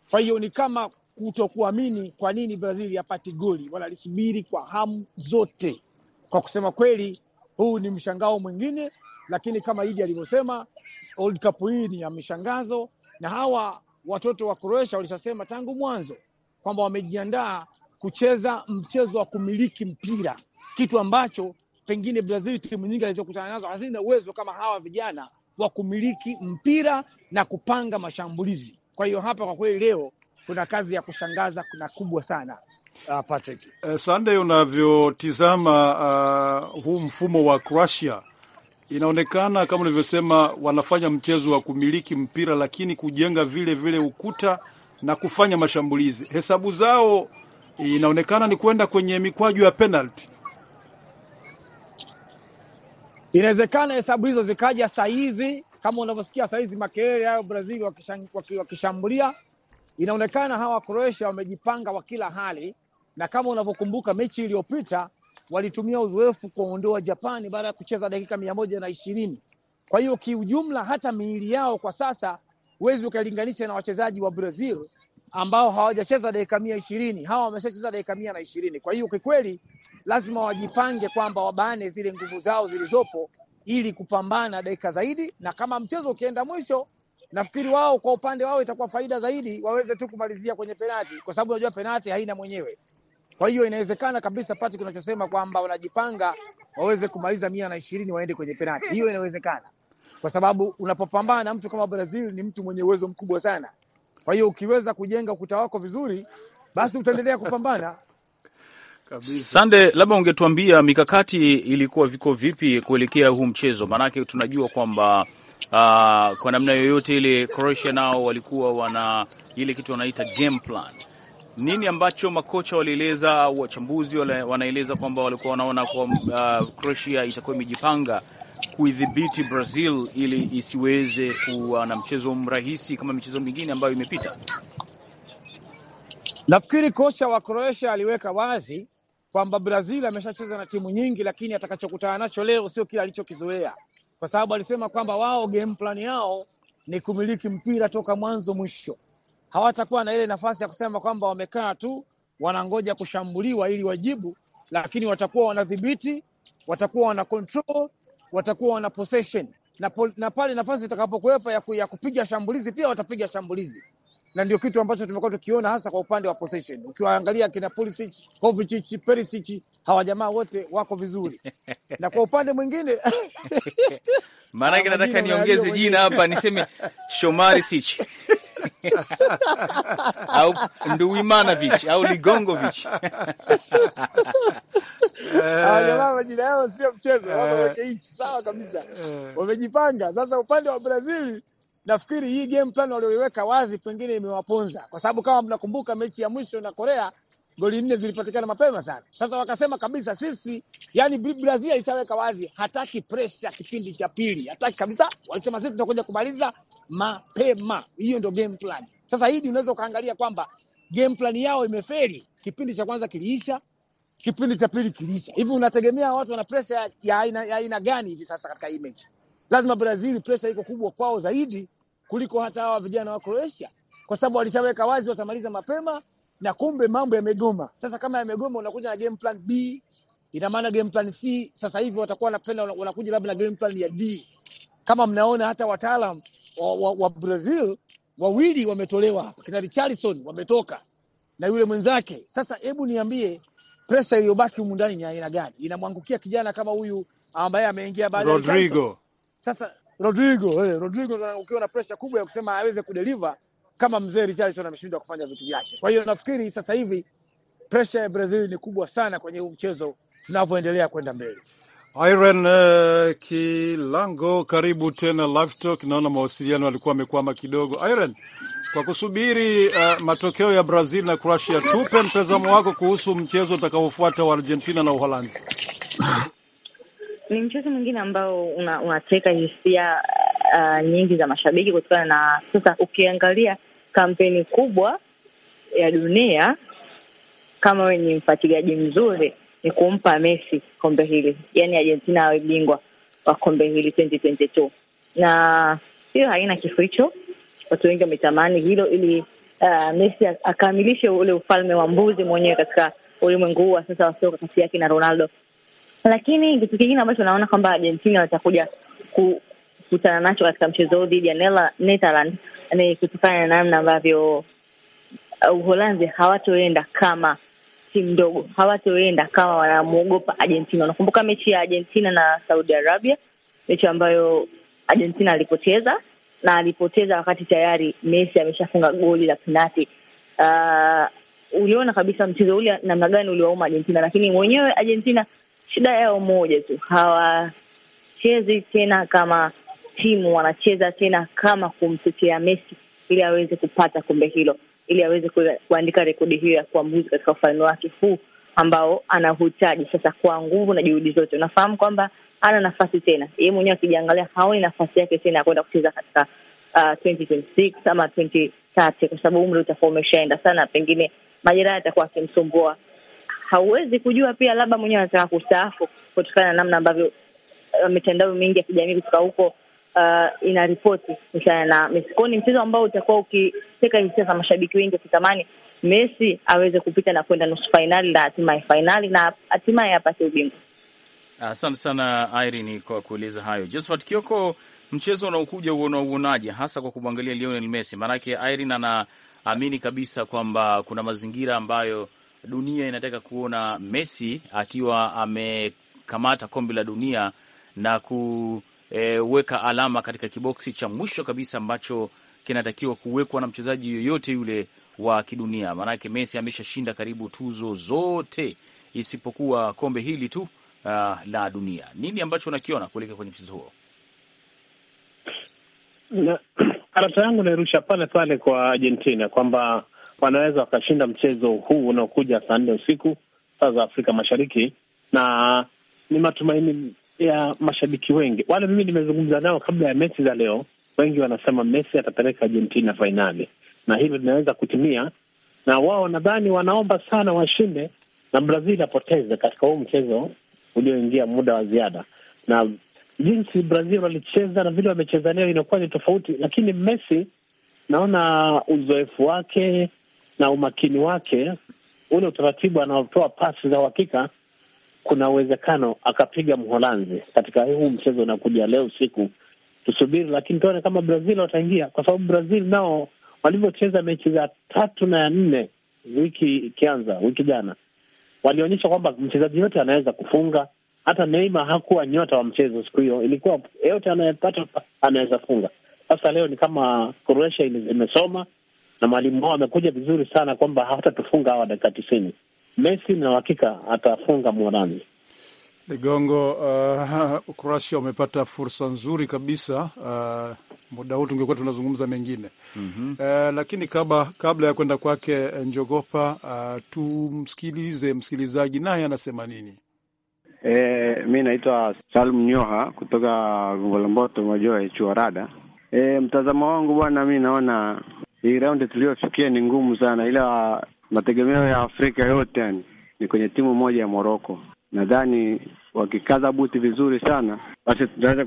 [SPEAKER 8] Kwa hiyo ni kama kutokuamini kwa nini Brazil yapati goli, wanalisubiri kwa hamu zote. Kwa kusema kweli, huu ni mshangao mwingine, lakini kama Idi alivyosema, World Cup hii ni ya mishangazo, na hawa watoto wa Croatia walishasema tangu mwanzo kwamba wamejiandaa kucheza mchezo wa kumiliki mpira, kitu ambacho pengine Brazil timu nyingi alizokutana nazo hazina uwezo kama hawa vijana wa kumiliki mpira na kupanga mashambulizi. Kwa hiyo hapa kwa kweli leo kuna kazi ya kushangaza, kuna kubwa sana.
[SPEAKER 2] Uh, Patrick uh, Sunday, unavyotizama uh, huu mfumo wa Croatia inaonekana kama ulivyosema, wanafanya mchezo wa kumiliki mpira lakini kujenga vile vile ukuta na kufanya mashambulizi. Hesabu zao inaonekana ni kwenda kwenye mikwaju ya penalti. Inawezekana hesabu hizo zikaja
[SPEAKER 8] saa hizi, kama unavyosikia saa hizi makelele hayo Brazil wakishambulia Inaonekana hawa Croatia wamejipanga kwa kila hali, na kama unavyokumbuka mechi iliyopita walitumia uzoefu kuondoa Japani baada ya kucheza dakika mia moja na ishirini. Kwa hiyo kiujumla, hata miili yao kwa sasa huwezi ukalinganisha na wachezaji wa Brazil ambao hawajacheza dakika mia ishirini. Hawa wameshacheza dakika mia na ishirini. Kwa hiyo kikweli, lazima wajipange kwamba wabane zile nguvu zao zilizopo ili kupambana dakika zaidi, na kama mchezo ukienda mwisho nafikiri wao kwa upande wao itakuwa faida zaidi waweze tu kumalizia kwenye penati, kwa sababu unajua penati haina mwenyewe. Kwa hiyo inawezekana kabisa pati kinachosema kwamba wanajipanga waweze kumaliza mia na ishirini waende kwenye penati, hiyo inawezekana kwa sababu unapopambana na mtu kama Brazil ni mtu mwenye uwezo mkubwa sana. Kwa hiyo ukiweza kujenga ukuta wako vizuri, basi utaendelea kupambana
[SPEAKER 2] Sande,
[SPEAKER 5] labda ungetuambia mikakati ilikuwa viko vipi kuelekea huu mchezo, maanake tunajua kwamba uh, kwa namna yoyote ile Croatia nao walikuwa wana ile kitu wanaita game plan. Nini ambacho makocha walieleza, wachambuzi wanaeleza kwamba walikuwa wanaona kwa uh, Croatia itakuwa imejipanga kuidhibiti Brazil ili isiweze kuwa na mchezo mrahisi kama michezo mingine ambayo imepita.
[SPEAKER 8] Nafikiri kocha wa Croatia aliweka wazi kwamba Brazil ameshacheza na timu nyingi, lakini atakachokutana nacho leo sio kile alichokizoea kwa sababu alisema kwamba wao game plan yao ni kumiliki mpira toka mwanzo mwisho. Hawatakuwa na ile nafasi ya kusema kwamba wamekaa tu wanangoja kushambuliwa ili wajibu, lakini watakuwa wanadhibiti, watakuwa wana control, watakuwa wana possession na, na pale nafasi itakapokuwepo ya kupiga shambulizi pia watapiga shambulizi na ndio kitu ambacho tumekuwa tukiona hasa kwa upande wa possession. Ukiwaangalia kina Pulisic, Kovacic, Perisic, hawa jamaa wote wako vizuri, na kwa upande mwingine
[SPEAKER 5] maanake nataka niongeze jina hapa niseme Shomari Sich
[SPEAKER 8] au
[SPEAKER 5] Nduimanovich au Ligongovich
[SPEAKER 2] jamaa
[SPEAKER 8] majina yao sio mchezo, wako eh. nchi sawa kabisa, eh. wamejipanga. Sasa upande wa Brazil nafikiri hii game plan walioiweka wazi pengine imewaponza, kwa sababu kama mnakumbuka mechi ya mwisho na Korea goli nne zilipatikana mapema sana. Sasa wakasema kabisa sisi, yani Brazil alishaweka wazi hataki presha kipindi cha pili, hataki kabisa. Walisema sisi tunakuja kumaliza mapema, hiyo ndio game plan. Sasa hii unaweza ukaangalia kwamba game plan yao imefeli. Kipindi cha kwanza kiliisha, kipindi cha pili kiliisha. Hivi unategemea watu wana presha ya aina ya aina gani hivi sasa katika hii mechi? lazima Brazil presa iko kubwa kwao zaidi kuliko hata hawa vijana wa Croatia, kwa sababu walishaweka wazi watamaliza mapema, na kumbe mambo yamegoma. Sasa kama yamegoma, unakuja na game plan B, ina maana game plan C sasa hivi watakuwa wanapenda, wanakuja labda na game plan ya D. Kama mnaona hata wataalam wa, wa, wa Brazil wawili wametolewa hapa, kina Richarlison wametoka na yule mwenzake. Sasa hebu niambie, presa iliyobaki humu ndani ni aina gani? Inamwangukia kijana kama huyu ambaye ameingia baada ya Rodrigo sasa Rodrigo, eh, Rodrigo ukiwa na pressure kubwa ya kusema aweze kudeliver kama mzee Richarlison ameshindwa kufanya vitu vyake. Kwa hiyo nafikiri sasa hivi pressure ya Brazil ni kubwa sana kwenye huu mchezo tunavyoendelea kwenda mbele.
[SPEAKER 2] Irene uh, Kilango, karibu tena live talk. Naona mawasiliano alikuwa amekwama kidogo. Irene, kwa kusubiri uh, matokeo ya Brazil na Croatia, tupe mtazamo wako kuhusu mchezo utakaofuata wa Argentina na Uholanzi.
[SPEAKER 7] ni mchezo mwingine ambao unateka una hisia uh, nyingi za mashabiki kutokana na sasa, ukiangalia kampeni kubwa ya dunia, kama we ni mfatiliaji mzuri, ni kumpa Messi kombe hili, yani Argentina awe bingwa wa kombe hili 2022 na hiyo haina kificho. Watu wengi wametamani hilo ili uh, Messi akamilishe ule ufalme wa mbuzi mwenyewe katika ulimwengu huu wa sasa wa soka kati yake na Ronaldo lakini kitu kingine ambacho naona kwamba Argentina watakuja kukutana nacho katika mchezo huu dhidi ya Netherland ni kutokana na namna ambavyo uh, Uholanzi hawatoenda kama timu ndogo, hawatoenda kama wanamwogopa Argentina. Unakumbuka mechi ya Argentina na Saudi Arabia, mechi ambayo Argentina alipoteza na alipoteza wakati tayari Messi ameshafunga goli la penati. Uh, uliona kabisa mchezo ule namna gani uliwauma Argentina, lakini mwenyewe Argentina shida yao moja tu, hawachezi tena kama timu, wanacheza tena kama kumtetea Messi ili aweze kupata kombe hilo, ili aweze kuandika rekodi hiyo ya kuambuzi katika ufalme wake huu ambao anahitaji sasa kwa nguvu na juhudi zote. Unafahamu kwamba hana nafasi tena, yeye mwenyewe akijiangalia haoni nafasi yake tena ya kwenda kucheza katika uh, 2026 ama 2030 kwa sababu umri utakuwa umeshaenda sana, pengine majeraha yatakuwa akimsumbua hauwezi kujua pia, labda mwenyewe anataka kustaafu kutokana na namna ambavyo uh, mitandao mingi ya kijamii kutoka huko uh, inaripoti kuhusiana na Messi. Kwao ni mchezo ambao utakuwa ukiteka hisia za mashabiki wengi wakitamani Messi aweze kupita na kwenda nusu fainali na hatimaye fainali na hatimaye apate ubingwa.
[SPEAKER 5] Asante sana Irene kwa kueleza hayo. Josephat Kioko, mchezo unaokuja unauonaje, hasa kwa kumwangalia Lionel Messi? Maanake Irene anaamini kabisa kwamba kuna mazingira ambayo dunia inataka kuona Messi akiwa amekamata kombe la dunia na kuweka e, alama katika kiboksi cha mwisho kabisa ambacho kinatakiwa kuwekwa na mchezaji yoyote yule wa kidunia. Maanake Messi ameshashinda karibu tuzo zote isipokuwa kombe hili tu uh, la dunia. Nini ambacho unakiona kuelekea kwenye mchezo huo?
[SPEAKER 1] Karata yangu nairusha pale pale kwa Argentina kwamba wanaweza wakashinda mchezo huu unaokuja saa nne usiku saa za Afrika Mashariki, na ni matumaini ya mashabiki wengi. Wale mimi nimezungumza nao kabla ya mechi za leo, wengi wanasema Messi atapeleka Argentina fainali, na hilo linaweza kutimia, na wao nadhani wanaomba sana washinde na Brazil apoteze katika huu mchezo ulioingia muda wa ziada, na jinsi Brazil walicheza na vile wamecheza leo inakuwa ni tofauti, lakini Messi naona uzoefu wake na umakini wake ule utaratibu anaotoa pasi za uhakika, kuna uwezekano akapiga Mholanzi katika huu mchezo unakuja leo usiku. Tusubiri, lakini tuone kama Brazil wataingia, kwa sababu Brazil nao walivyocheza mechi za tatu na ya nne wiki ikianza wiki jana, walionyesha kwamba mchezaji yote anaweza kufunga. Hata Neymar hakuwa nyota wa mchezo siku hiyo, ilikuwa yote anayepata anaweza funga. Sasa leo ni kama Croatia imesoma na mwalimu wao amekuja vizuri sana kwamba hawatatufunga hawa dakika tisini. Messi na uhakika atafunga
[SPEAKER 6] Morani
[SPEAKER 2] Ligongo. Uh, Kroatia wamepata fursa nzuri kabisa. Uh, muda huu tungekuwa tunazungumza mengine mm -hmm. Uh, lakini kaba, kabla ya kwenda kwake eh, Njogopa, uh, tumsikilize msikilizaji naye anasema nini.
[SPEAKER 3] E, mi naitwa Salum Nyoha kutoka Gongolomboto, Majoe, Chuarada. E, eh, mtazamo wangu bwana, mi naona hii raundi tuliyofikia ni ngumu sana, ila mategemeo ya Afrika yote yani ni kwenye timu moja ya Moroko. Nadhani wakikaza buti vizuri sana, basi tunaweza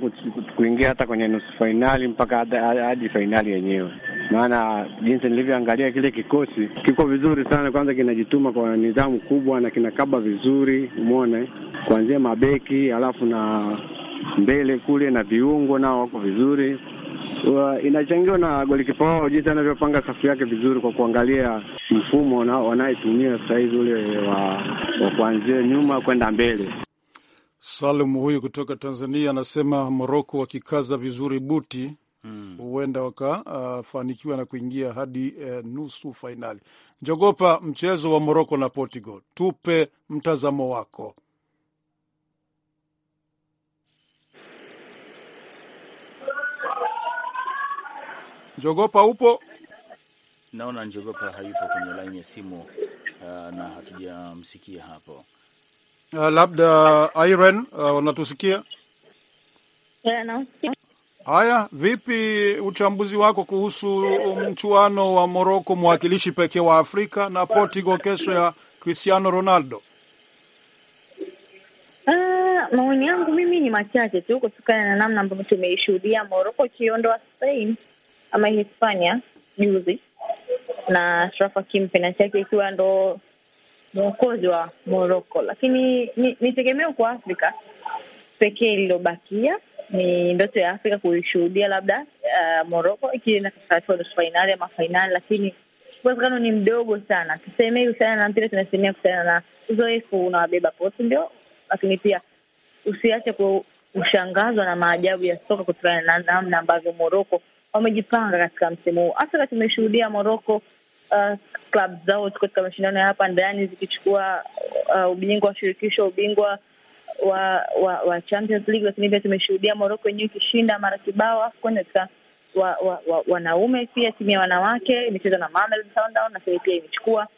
[SPEAKER 3] kuingia hata kwenye nusu fainali mpaka hadi fainali yenyewe. Maana jinsi nilivyoangalia kile kikosi kiko vizuri sana, kwanza kinajituma kwa nidhamu kubwa na kinakaba vizuri, umwone kuanzia mabeki, alafu na mbele kule na viungo nao wako vizuri Uh, inachangiwa na golikipa wao jinsi anavyopanga safu yake vizuri, kwa
[SPEAKER 2] kuangalia mfumo wanayetumia sasa hivi ule wa, wa kuanzia nyuma kwenda mbele. Salum huyu kutoka Tanzania anasema Moroko wakikaza vizuri buti hmm. huenda hmm, wakafanikiwa uh, na kuingia hadi uh, nusu fainali. Njogopa, mchezo wa Moroko na Portugal, tupe mtazamo wako.
[SPEAKER 5] Njogopa upo? Naona Njogopa hayupo kwenye laini ya simu uh, na hatujamsikia hapo.
[SPEAKER 2] Uh, labda uh, Irene uh, unatusikia? Yeah, no. haya, vipi uchambuzi wako kuhusu mchuano wa Morocco, mwakilishi pekee wa Afrika na Portugal kesho ya Cristiano Ronaldo?
[SPEAKER 7] Uh, maoni yangu mimi ni machache tu kutokana na namna ambavyo tumeishuhudia Morocco ikiondoa Spain ama Hispania juzi na Shrafa Kimpe na chake ikiwa ndo mwokozi wa Morocco, lakini ni, ni tegemeo kwa Afrika pekee iliyobakia. Ni ndoto ya Afrika kuishuhudia labda uh, Morocco ikienda katika hatua nusu fainali ama fainali, lakini uwezekano ni mdogo sana. Tusemei kuhusiana na mpira, tunasemea kuhusiana na uzoefu unawabeba poti ndio lakini pia usiache kushangazwa na maajabu ya soka kutokana na namna ambavyo Morocco wamejipanga katika msimu huu, hasa tumeshuhudia Moroko uh, zao katika mashindano ya hapa ndani zikichukua uh, ubingwa wa shirikisho, ubingwa wa wa, wa Champions League, lakini pia tumeshuhudia Moroko wenyewe ikishinda mara kibao AFCON katika wa, wa, wa, wanaume. Pia timu ya wanawake imecheza na Mamelodi Sundowns, lakini pia imechukua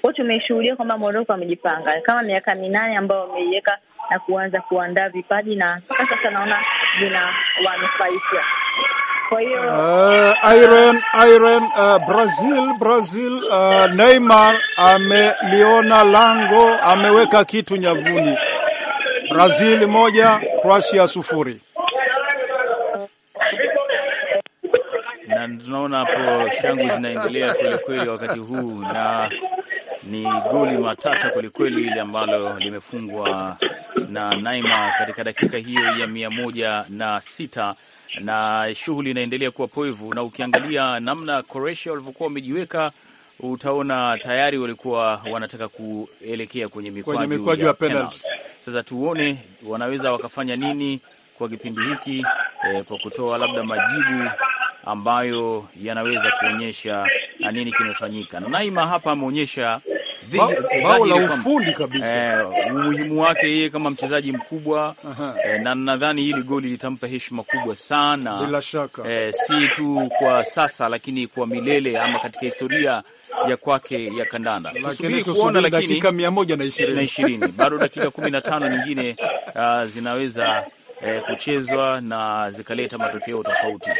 [SPEAKER 7] kwao. Tumeshuhudia kwamba Moroko amejipanga kama miaka minane ambayo wameiweka na kuanza kuandaa vipaji na sasa sasa naona vina wanufaisha. Kwa hiyo
[SPEAKER 2] uh, eh, Iron Iron uh, eh, Brazil Brazil uh, Neymar ameliona lango, ameweka kitu nyavuni. Brazil moja Croatia sufuri.
[SPEAKER 5] Na tunaona hapo shangu zinaendelea kwelikweli kweli wakati huu, na
[SPEAKER 2] ni goli matata
[SPEAKER 5] kwelikweli kweli ile ambalo limefungwa na Neymar katika dakika hiyo ya mia moja na sita na shughuli inaendelea kuwa poivu, na ukiangalia namna Croatia walivyokuwa wamejiweka utaona tayari walikuwa wanataka kuelekea kwenye mikwaju, ya penalti. Sasa tuone wanaweza wakafanya nini kwa kipindi hiki eh, kwa kutoa labda majibu ambayo yanaweza kuonyesha nini kimefanyika. Na Naima hapa ameonyesha bao la ufundi
[SPEAKER 2] kabisa,
[SPEAKER 5] eh, umuhimu wake yeye kama mchezaji mkubwa eh, na nadhani hili goli litampa heshima kubwa sana bila shaka eh, si tu kwa sasa lakini kwa milele ama katika historia ya kwake ya kandanda. Tusubiri kuona, lakini dakika
[SPEAKER 2] mia moja na ishirini
[SPEAKER 5] bado dakika kumi na tano nyingine uh, zinaweza eh, kuchezwa na zikaleta matokeo tofauti.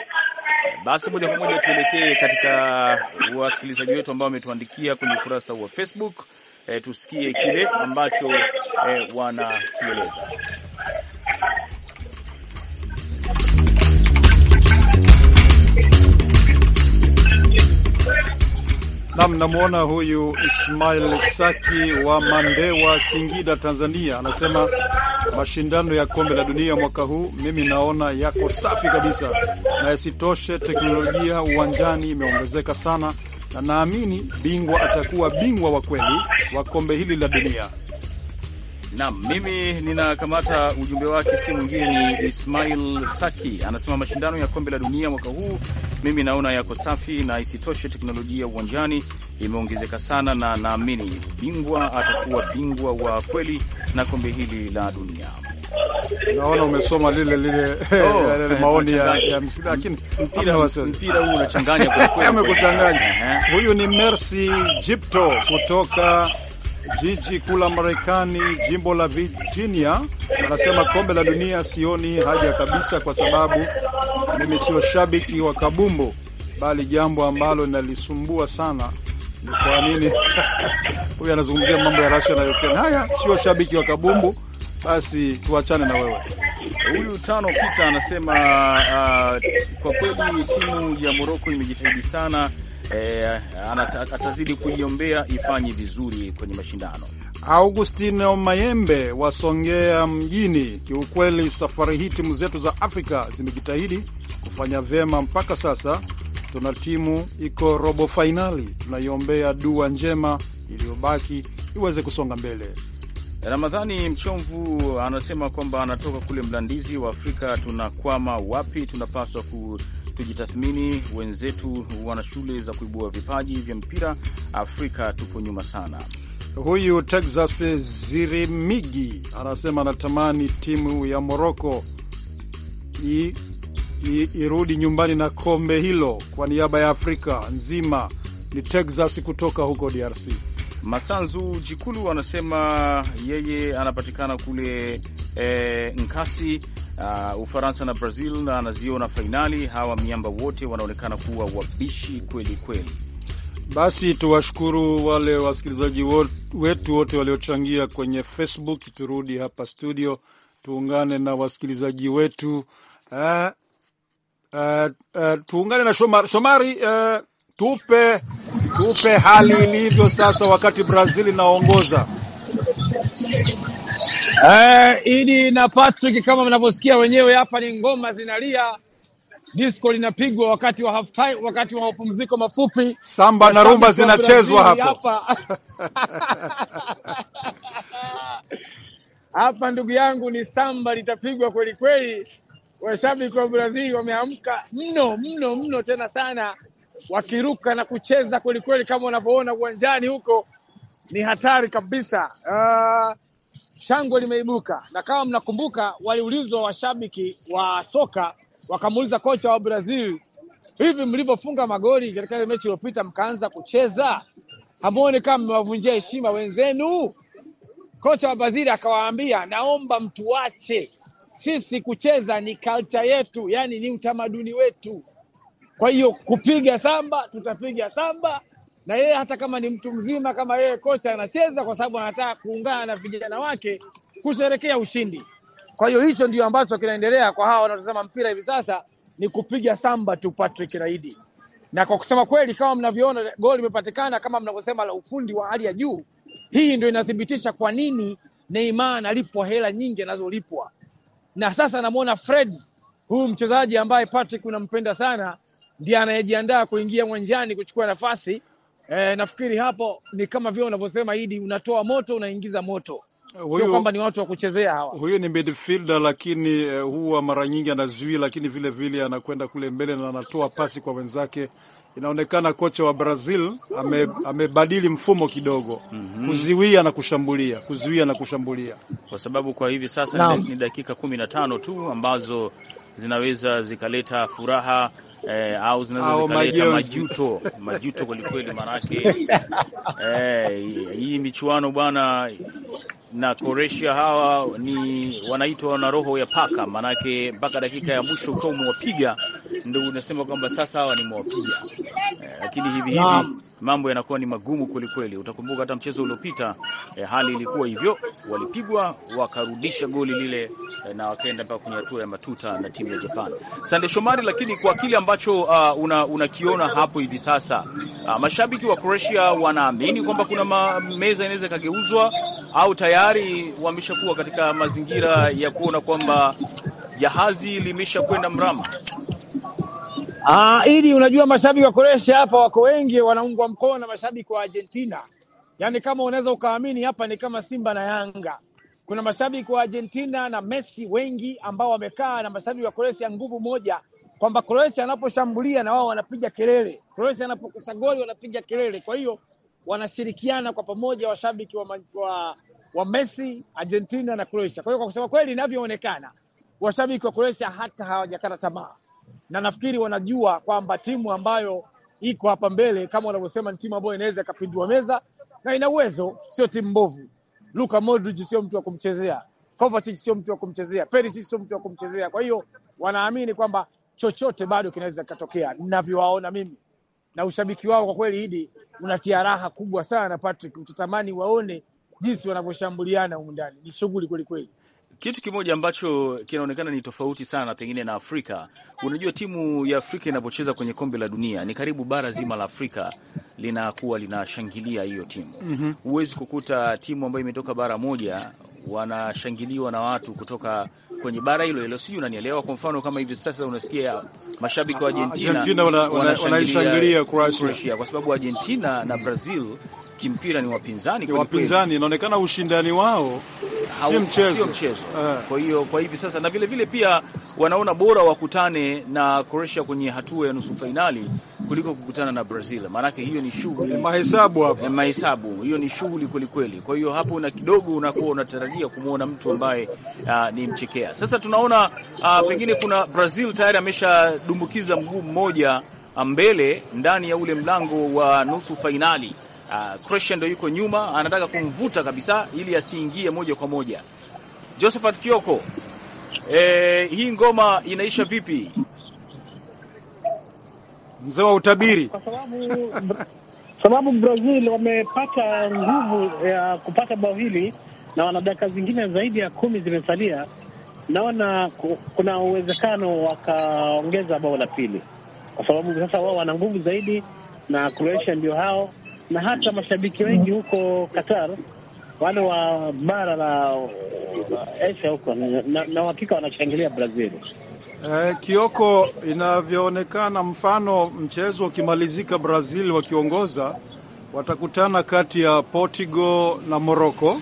[SPEAKER 5] Basi moja kwa moja tuelekee katika wasikilizaji wetu ambao wametuandikia kwenye ukurasa wa Facebook. E, tusikie kile ambacho e, wanakieleza.
[SPEAKER 2] Nam, namwona huyu Ismail Saki wa Mandewa, Singida, Tanzania, anasema mashindano ya kombe la dunia mwaka huu mimi naona yako safi kabisa, na yasitoshe teknolojia uwanjani imeongezeka sana, na naamini bingwa atakuwa bingwa wa kweli wa kombe hili la dunia.
[SPEAKER 5] Naam, mimi ninakamata ujumbe wake, si mwingine ni Ismail Saki, anasema mashindano ya kombe la dunia mwaka huu mimi naona yako safi, na isitoshe teknolojia uwanjani imeongezeka sana, na naamini bingwa atakuwa bingwa wa kweli na kombe hili la dunia.
[SPEAKER 2] Naona umesoma lile lile oh, maoni ya lakini mpira huu unachanganya, amekuchanganya. Huyu ni Mercy Jipto kutoka jiji kuu la Marekani, jimbo la Virginia, anasema kombe la dunia sioni haja kabisa, kwa sababu mimi sio shabiki wa kabumbo, bali jambo ambalo linalisumbua sana ni kwa nini huyu anazungumzia mambo ya Russia na Ukraine. Haya, sio shabiki wa kabumbu, basi tuachane na wewe.
[SPEAKER 5] Huyu tano Pita anasema uh, kwa kweli timu ya Moroko imejitahidi sana eh, atazidi kuiombea ifanye vizuri kwenye mashindano.
[SPEAKER 2] Augustino Mayembe wasongea mjini, kiukweli safari hii timu zetu za Afrika zimejitahidi kufanya vyema mpaka sasa. Tuna timu iko robo fainali, tunaiombea dua njema iliyobaki iweze kusonga mbele.
[SPEAKER 5] Ramadhani Mchomvu anasema kwamba anatoka kule Mlandizi wa Afrika. Tunakwama wapi? Tunapaswa ku, tujitathmini. Wenzetu wana shule za kuibua vipaji vya mpira, Afrika tupo nyuma sana.
[SPEAKER 2] Huyu Texas Zirimigi anasema anatamani timu ya Moroko irudi nyumbani na kombe hilo kwa niaba ya Afrika nzima. Ni Texas kutoka huko DRC.
[SPEAKER 5] Masanzu Jikulu anasema yeye anapatikana kule e, Nkasi uh, Ufaransa na Brazil na anaziona fainali. Hawa miamba wote wanaonekana kuwa wabishi kweli kweli.
[SPEAKER 2] Basi tuwashukuru wale wasikilizaji wetu wote waliochangia kwenye Facebook. Turudi hapa studio, tuungane na wasikilizaji wetu uh, uh, uh, tuungane na Shomari, Shomari uh, tupe tupe hali ilivyo sasa wakati Brazil inaongoza.
[SPEAKER 8] Eh, Idi na Patrick, kama mnavyosikia wenyewe hapa ni ngoma zinalia, disco linapigwa wakati wa half time, wakati wa mapumziko mafupi, samba na rumba zinachezwa hapo hapa. Ndugu yangu, ni samba litapigwa kweli kweli. Washabiki wa Brazil wameamka mno mno mno tena sana wakiruka na kucheza kwelikweli, kama unavyoona uwanjani huko ni hatari kabisa. Uh, shangwe limeibuka, na kama mnakumbuka, waliulizwa washabiki wa soka wakamuuliza kocha wa Brazil, hivi mlivyofunga magoli katika ile mechi iliyopita mkaanza kucheza, hamuone kama mmewavunjia heshima wenzenu? Kocha wa Brazil akawaambia, naomba mtuache sisi kucheza, ni culture yetu, yani ni utamaduni wetu kwa hiyo kupiga samba, tutapiga samba na yeye hata kama ni mtu mzima kama yeye kocha anacheza kwa sababu anataka kuungana na vijana wake kusherekea ushindi. Kwa hiyo hicho ndio ambacho kinaendelea kwa hawa wanaotazama mpira hivi sasa, ni kupiga samba tu Patrick Raidi. Na kwa kusema kweli, kama mnavyoona goli imepatikana, kama mnavyosema la ufundi wa hali ya juu. Hii ndio inathibitisha kwa nini Neymar analipwa hela nyingi anazolipwa. Na sasa namuona Fred, huyu mchezaji ambaye Patrick unampenda sana ndiye anayejiandaa kuingia uwanjani kuchukua nafasi e, nafikiri hapo ni kama vile unavyosema Idi, unatoa moto unaingiza moto,
[SPEAKER 2] eh, sio kwamba ni watu wa kuchezea hawa. Huyu ni midfielder, lakini eh, huwa mara nyingi anazui, lakini vile vile anakwenda kule mbele na anatoa pasi kwa wenzake. Inaonekana kocha wa Brazil ame, amebadili mfumo kidogo mm -hmm. Kuziwia na kushambulia, kuziwia na kushambulia,
[SPEAKER 5] kwa sababu kwa hivi sasa no. ni dakika kumi na tano tu ambazo zinaweza zikaleta furaha eh, au zinaweza zikaleta majuto majuto kwelikweli, maanake eh, hii michuano bwana na Koresia hawa ni wanaitwa na roho ya paka, maanake mpaka dakika ya mwisho ukiwa umewapiga ndo unasema kwamba sasa hawa nimewapiga. Eh, lakini hivi hivi mambo yanakuwa ni magumu kwelikweli. Utakumbuka hata mchezo uliopita eh, hali ilikuwa hivyo, walipigwa wakarudisha goli lile eh, na wakaenda mpaka kwenye hatua ya matuta na timu ya Japan. Sande Shomari, lakini kwa kile ambacho uh, unakiona una hapo hivi sasa uh, mashabiki wa Croatia wanaamini kwamba kuna ma meza inaweza ikageuzwa au tayari wameshakuwa katika mazingira ya kuona kwamba jahazi limeshakwenda mrama?
[SPEAKER 8] Ah, ili unajua mashabiki wa Croatia hapa wako wengi, wanaungwa mkono na mashabiki wa Argentina. Yaani kama unaweza ukaamini, hapa ni kama Simba na Yanga. Kuna mashabiki wa Argentina na Messi wengi ambao wamekaa na mashabiki wa Croatia nguvu moja, kwamba Croatia anaposhambulia na wao wanapiga kelele, Croatia anapokosa goli wanapiga kelele. Kwa hiyo wanashirikiana kwa pamoja washabiki wa, wa, wa Messi, Argentina na Croatia. Kwa hiyo kwa kusema kweli, inavyoonekana washabiki wa Croatia hata hawajakata tamaa na nafikiri wanajua kwamba timu ambayo iko hapa mbele kama wanavyosema ni timu ambayo inaweza ikapindua meza na ina uwezo, sio timu mbovu. Luka Modric sio mtu wa kumchezea, Kovacic sio mtu wa kumchezea, Perisic sio mtu wa kumchezea. Kwa hiyo wanaamini kwamba chochote bado kinaweza kikatokea, ninavyowaona mimi na ushabiki wao kwa kweli, hidi unatia raha kubwa sana Patrick, utatamani waone jinsi wanavyoshambuliana humu ndani, ni shughuli
[SPEAKER 5] kwelikweli. Kitu kimoja ambacho kinaonekana ni tofauti sana pengine na Afrika, unajua timu ya Afrika inapocheza kwenye kombe la dunia ni karibu bara zima la Afrika linakuwa linashangilia hiyo timu. Mhm. Huwezi mm -hmm. kukuta timu ambayo imetoka bara moja wanashangiliwa na watu kutoka kwenye bara hilo hilo, sijui unanielewa. Kwa mfano kama hivi sasa unasikia mashabiki wa Argentina, Argentina wanaishangilia Croatia kwa sababu Argentina na Brazil kimpira ni wapinzani, wapinzani. Inaonekana ushindani wao sio mchezo, mchezo. Eh. Kwa hiyo kwa hivi sasa na vile vile pia wanaona bora wakutane na Croatia kwenye hatua ya nusu fainali kuliko kukutana na Brazil, maanake hiyo ni shughuli mahesabu hapa, mahesabu hiyo ni shughuli kwelikweli. Kwa hiyo hapo una kidogo unakuwa unatarajia kumwona mtu ambaye uh, ni mchekea. Sasa tunaona uh, pengine kuna Brazil tayari ameshadumbukiza mguu mmoja ah, mbele ndani ya ule mlango wa nusu fainali Uh, ah, ndo yuko nyuma anataka kumvuta kabisa ili asiingie moja kwa moja. Josephat Kioko, eh, hii ngoma inaisha vipi?
[SPEAKER 2] Mzee wa utabiri. Kwa
[SPEAKER 1] sababu sababu Brazil wamepata nguvu ya kupata bao hili na wana dakika zingine zaidi ya kumi zimesalia, naona kuna uwezekano wakaongeza bao la pili, kwa sababu sasa wao wana nguvu zaidi na Croatia ndio hao na hata mashabiki wengi huko Qatar wale wa bara la Asia huko na uhakika wanashangilia Brazil.
[SPEAKER 2] Eh, Kioko, inavyoonekana mfano mchezo ukimalizika Brazil wakiongoza watakutana kati ya Portugal na Morocco,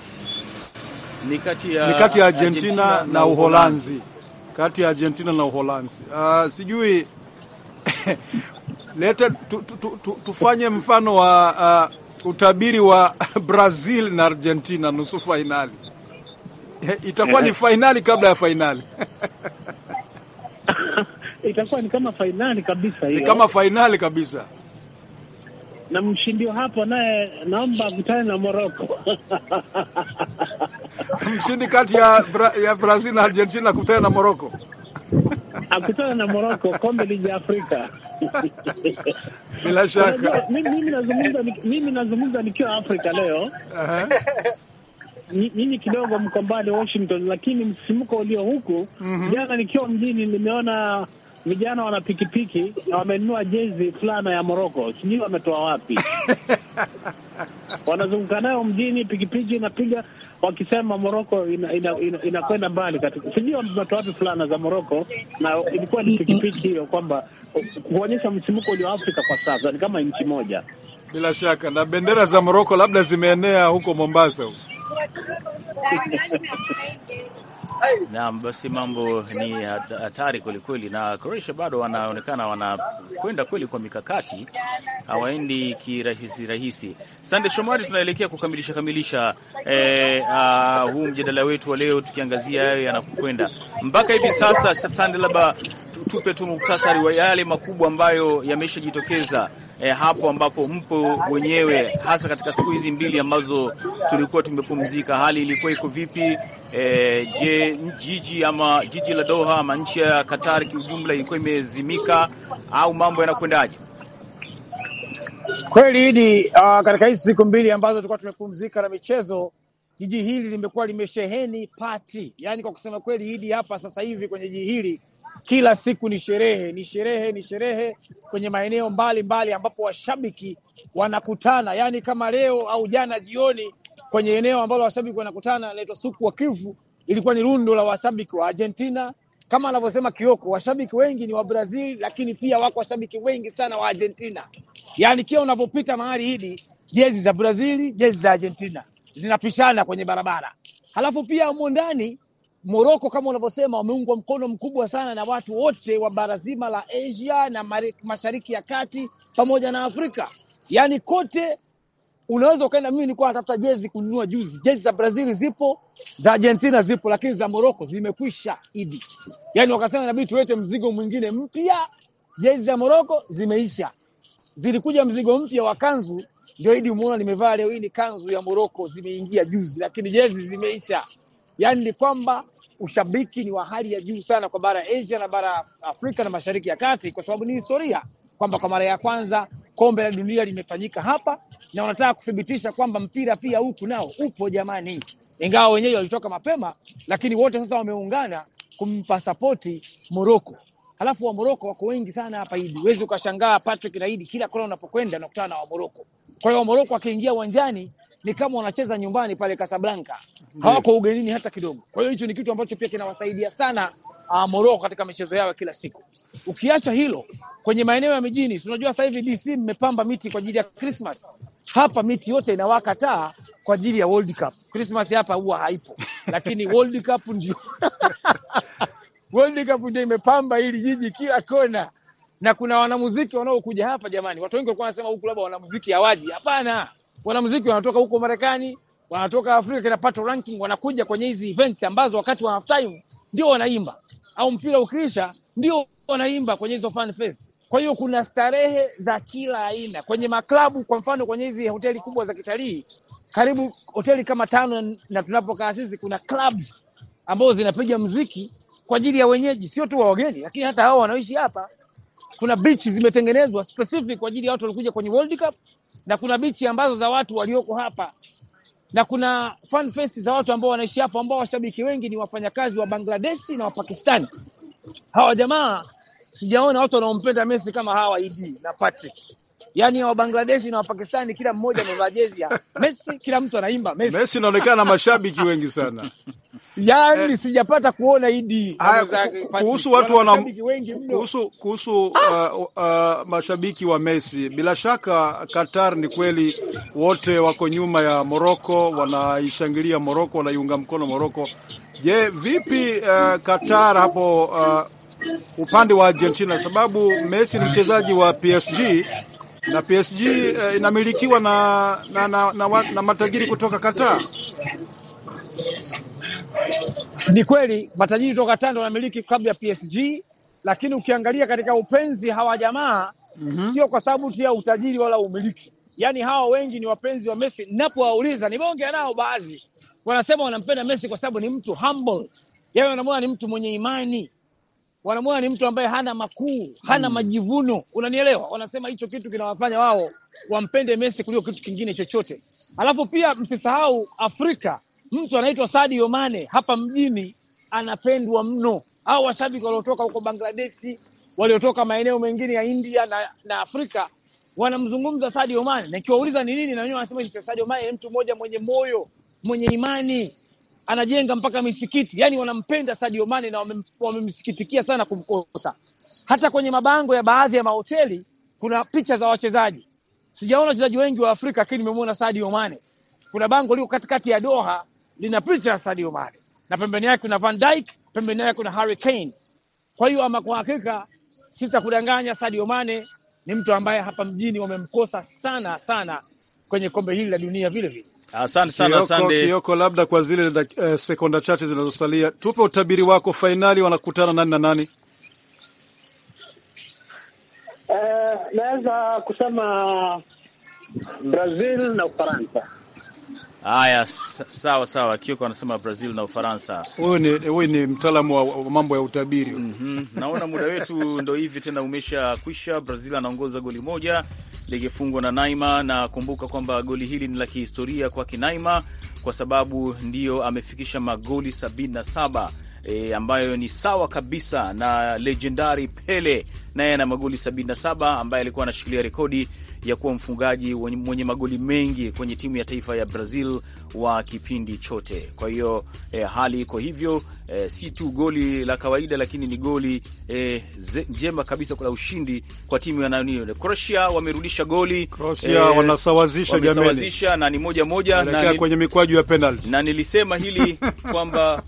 [SPEAKER 2] ni kati
[SPEAKER 5] ya, ni kati ya Argentina, Argentina na Uholanzi,
[SPEAKER 2] kati ya Argentina na Uholanzi. Uh, sijui leta tu, tu, tu, tufanye mfano wa uh, utabiri wa Brazil na Argentina nusu fainali. Itakuwa ni eh. fainali kabla ya fainali
[SPEAKER 4] itakuwa
[SPEAKER 1] ni kama fainali kabisa hiyo, ni kama
[SPEAKER 2] fainali kabisa.
[SPEAKER 1] Na mshindi hapo naye naomba akutane na Morocco
[SPEAKER 2] mshindi kati ya, Bra ya Brazil na Argentina akutane na Morocco
[SPEAKER 1] akutana na Morocco kombe liji Afrika.
[SPEAKER 2] Bila shaka
[SPEAKER 1] mimi nazungumza nikiwa Afrika leo nyinyi kidogo mko mbali Washington, lakini msisimko ulio huku mm -hmm. Jana nikiwa mjini nimeona vijana wana pikipiki na wamenunua jezi fulana ya Moroko, sijui wametoa wapi wanazunguka nayo mjini, pikipiki inapiga wakisema Moroko inakwenda ina, ina, ina mbali katika, sijui wamepata wapi fulana za Moroko, na ilikuwa ni pikipiki hiyo,
[SPEAKER 2] kwamba kuonyesha msimuko ulio Afrika kwa sasa ni kama nchi moja. Bila shaka na bendera za Moroko labda zimeenea huko Mombasa huko
[SPEAKER 5] Naam, basi mambo ni hatari kwelikweli, na Croatia bado wanaonekana wanakwenda kweli kwa mikakati, hawaendi kirahisi rahisi. Sande Shomari, tunaelekea kukamilisha kamilisha eh, uh, huu mjadala wetu wa leo tukiangazia hayo yanakokwenda mpaka hivi sasa. Sande, labda tupe tu muktasari wa yale makubwa ambayo yameshajitokeza eh, hapo ambapo mpo wenyewe, hasa katika siku hizi mbili ambazo tulikuwa tumepumzika, hali ilikuwa iko vipi? Eh, je, jiji ama jiji la Doha ama nchi ya Qatar kiujumla ilikuwa imezimika au mambo yanakwendaje?
[SPEAKER 8] Kweli idi, uh, katika hizi siku mbili ambazo tulikuwa tumepumzika na michezo, jiji hili limekuwa limesheheni pati, yaani kwa kusema kweli hidi hapa sasa hivi kwenye jiji hili kila siku ni sherehe, ni sherehe, ni sherehe kwenye maeneo mbalimbali ambapo washabiki wanakutana, yaani kama leo au jana jioni kwenye eneo ambalo washabiki wanakutana naitwa suku wa Kivu, ilikuwa ni rundo la washabiki wa Argentina kama anavyosema Kioko, washabiki wengi ni wa Brazil, lakini pia wako washabiki wengi sana wa Argentina. Yaani kila unapopita mahali hili, jezi za Brazil, jezi za Argentina zinapishana kwenye barabara. Halafu pia humo ndani Moroko kama unavyosema, wameungwa mkono mkubwa sana na watu wote wa bara zima la Asia na mashariki ya kati pamoja na Afrika, yaani kote unaweza ukaenda. Mimi nilikuwa natafuta jezi kununua juzi, jezi za Brazil zipo, za Argentina zipo, lakini za Moroko zimekwisha idi. Yaani wakasema inabidi tuwete mzigo mwingine mpya. Jezi za Moroko zimeisha, zilikuja mzigo mpya wa kanzu, ndio idi umeona nimevaa leo hii, ni kanzu ya Moroko, zimeingia juzi, lakini jezi zimeisha. Yaani ni kwamba ushabiki ni wa hali ya juu sana kwa bara Asia na bara Afrika na Mashariki ya Kati, kwa sababu ni historia kwamba kwa mara ya kwanza kombe la dunia limefanyika hapa, na wanataka kuthibitisha kwamba mpira pia huku nao upo jamani, ingawa wenyewe walitoka mapema, lakini wote sasa wameungana kumpa sapoti Moroko. Halafu wa Moroko wako wengi sana hapa hidi huwezi ukashangaa Patrick na kila kona unapokwenda unakutana na Wamoroko. Kwa hiyo Wamoroko wakiingia uwanjani ni kama wanacheza nyumbani pale Casablanca, hawako ugenini hata kidogo. Kwa hiyo hicho ni kitu ambacho pia kinawasaidia sana uh, ah, Morocco katika michezo yao ya kila siku. Ukiacha hilo, kwenye maeneo ya mijini, unajua sasa hivi DC mmepamba miti kwa ajili ya Christmas. Hapa miti yote inawaka taa kwa ajili ya World Cup. Christmas hapa huwa haipo, lakini World Cup ndio World Cup ndio imepamba hili jiji kila kona, na kuna wanamuziki wanaokuja hapa. Jamani, watu wengi walikuwa wanasema huku labda wanamuziki hawaji. Hapana, wanamuziki wanatoka huko Marekani, wanatoka Afrika, kina Pato ranking, wanakuja kwenye hizi events ambazo wakati wa half time ndio wanaimba, au mpira ukiisha ndio wanaimba kwenye hizo fan fest. Kwa hiyo kuna starehe za kila aina kwenye maklabu. Kwa mfano kwenye hizi hoteli kubwa za kitalii, karibu hoteli kama tano na tunapokaa sisi, kuna clubs ambazo zinapiga mziki kwa ajili ya wenyeji, sio tu wa wageni, lakini hata hao wanaoishi hapa. Kuna beach zimetengenezwa specific kwa ajili ya watu walikuja kwenye World Cup na kuna bichi ambazo za watu walioko hapa na kuna fan fest za watu ambao wanaishi hapa ambao washabiki wengi ni wafanyakazi wa Bangladeshi na Wapakistani. Hawa jamaa sijaona watu wanaompenda Messi kama hawa Idi na Patrick yani wa Bangladeshi na wa Pakistani, kila mmoja amevaa jezi ya
[SPEAKER 2] Messi, kila
[SPEAKER 8] mtu anaimba Messi. Messi inaonekana na
[SPEAKER 2] mashabiki wengi sana yani eh, sijapata kuona idi kuhusu watu yaani wana kuhusu kuhusu ah, uh, uh, mashabiki wa Messi. Bila shaka Qatar ni kweli wote wako nyuma ya Moroko, wanaishangilia Moroko, wanaiunga mkono Moroko. Je, vipi uh, Qatar hapo uh, upande wa Argentina, sababu Messi ni mchezaji wa PSG na PSG eh, inamilikiwa na, na, na, na, na matajiri kutoka Qatar.
[SPEAKER 8] Ni kweli matajiri kutoka Qatar ndio wanamiliki klabu ya PSG, lakini ukiangalia katika upenzi hawa jamaa mm -hmm. Sio kwa sababu tu ya utajiri wala umiliki, yaani hawa wengi ni wapenzi wa Messi. Ninapowauliza nimeongea nao baadhi, wanasema wanampenda Messi kwa sababu ni mtu humble, yeye yaani anamwona ni mtu mwenye imani wanamwona ni mtu ambaye hana makuu, hana hmm. majivuno, unanielewa? Wanasema hicho kitu kinawafanya wao wampende Messi kuliko kitu kingine chochote. Alafu pia msisahau Afrika, mtu anaitwa Sadio Mane hapa mjini anapendwa mno. au washabiki waliotoka huko Bangladeshi, waliotoka maeneo mengine ya India na, na Afrika wanamzungumza Sadio Mane, na ni nini, na wenyewe wanasema Sadio Mane ni mtu mmoja mwenye moyo mwenye imani anajenga mpaka misikiti, yani wanampenda Sadio Mane na wamemsikitikia wame sana kumkosa. Hata kwenye mabango ya baadhi ya mahoteli kuna picha za wachezaji. Sijaona wachezaji wengi wa Afrika, lakini nimemwona Sadio Mane. Kuna bango liko katikati ya Doha lina picha ya Sadio Mane na pembeni yake kuna Van Dijk, pembeni yake kuna Harry Kane. Kwa hiyo ama kwa hakika sitakudanganya, Sadio Mane ni mtu ambaye hapa mjini wamemkosa sana sana kwenye kombe hili la dunia vile vile.
[SPEAKER 5] Asante
[SPEAKER 2] sana Sande Kioko, labda kwa zile uh, sekonda chache zinazosalia, tupe utabiri wako, fainali wanakutana nani na nani?
[SPEAKER 1] Uh, naweza kusema Brazil
[SPEAKER 5] na Ufaransa. Haya, sawa sawa. Kioko anasema Brazil na Ufaransa.
[SPEAKER 2] huyu ni ni mtaalamu wa mambo ya utabiri. mm -hmm.
[SPEAKER 5] Naona muda wetu ndo hivi tena umesha kwisha. Brazil anaongoza goli moja likifungwa na Neymar, na kumbuka kwamba goli hili ni la kihistoria kwa Neymar kwa sababu ndiyo amefikisha magoli 77 E, ambayo ni sawa kabisa na legendari Pele, naye ana magoli 77 ambaye alikuwa anashikilia rekodi ya kuwa mfungaji mwenye magoli mengi kwenye timu ya taifa ya Brazil wa kipindi chote. Kwa hiyo eh, hali iko hivyo eh, si tu goli la kawaida, lakini ni goli eh, njema kabisa la ushindi kwa timu ya nani, Croatia. Wamerudisha goli Croatia, eh, wanasawazisha jamani, na ni moja moja na ni, kwenye
[SPEAKER 2] mikwaju ya penalty, na
[SPEAKER 5] nilisema hili kwamba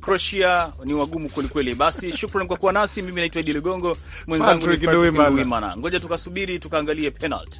[SPEAKER 5] Croatia ni wagumu kwelikweli. Basi shukrani kwa kuwa nasi. Mimi naitwa Idi Ligongo, mwenzangu Wimana. Ngoja tukasubiri tukaangalie penalty.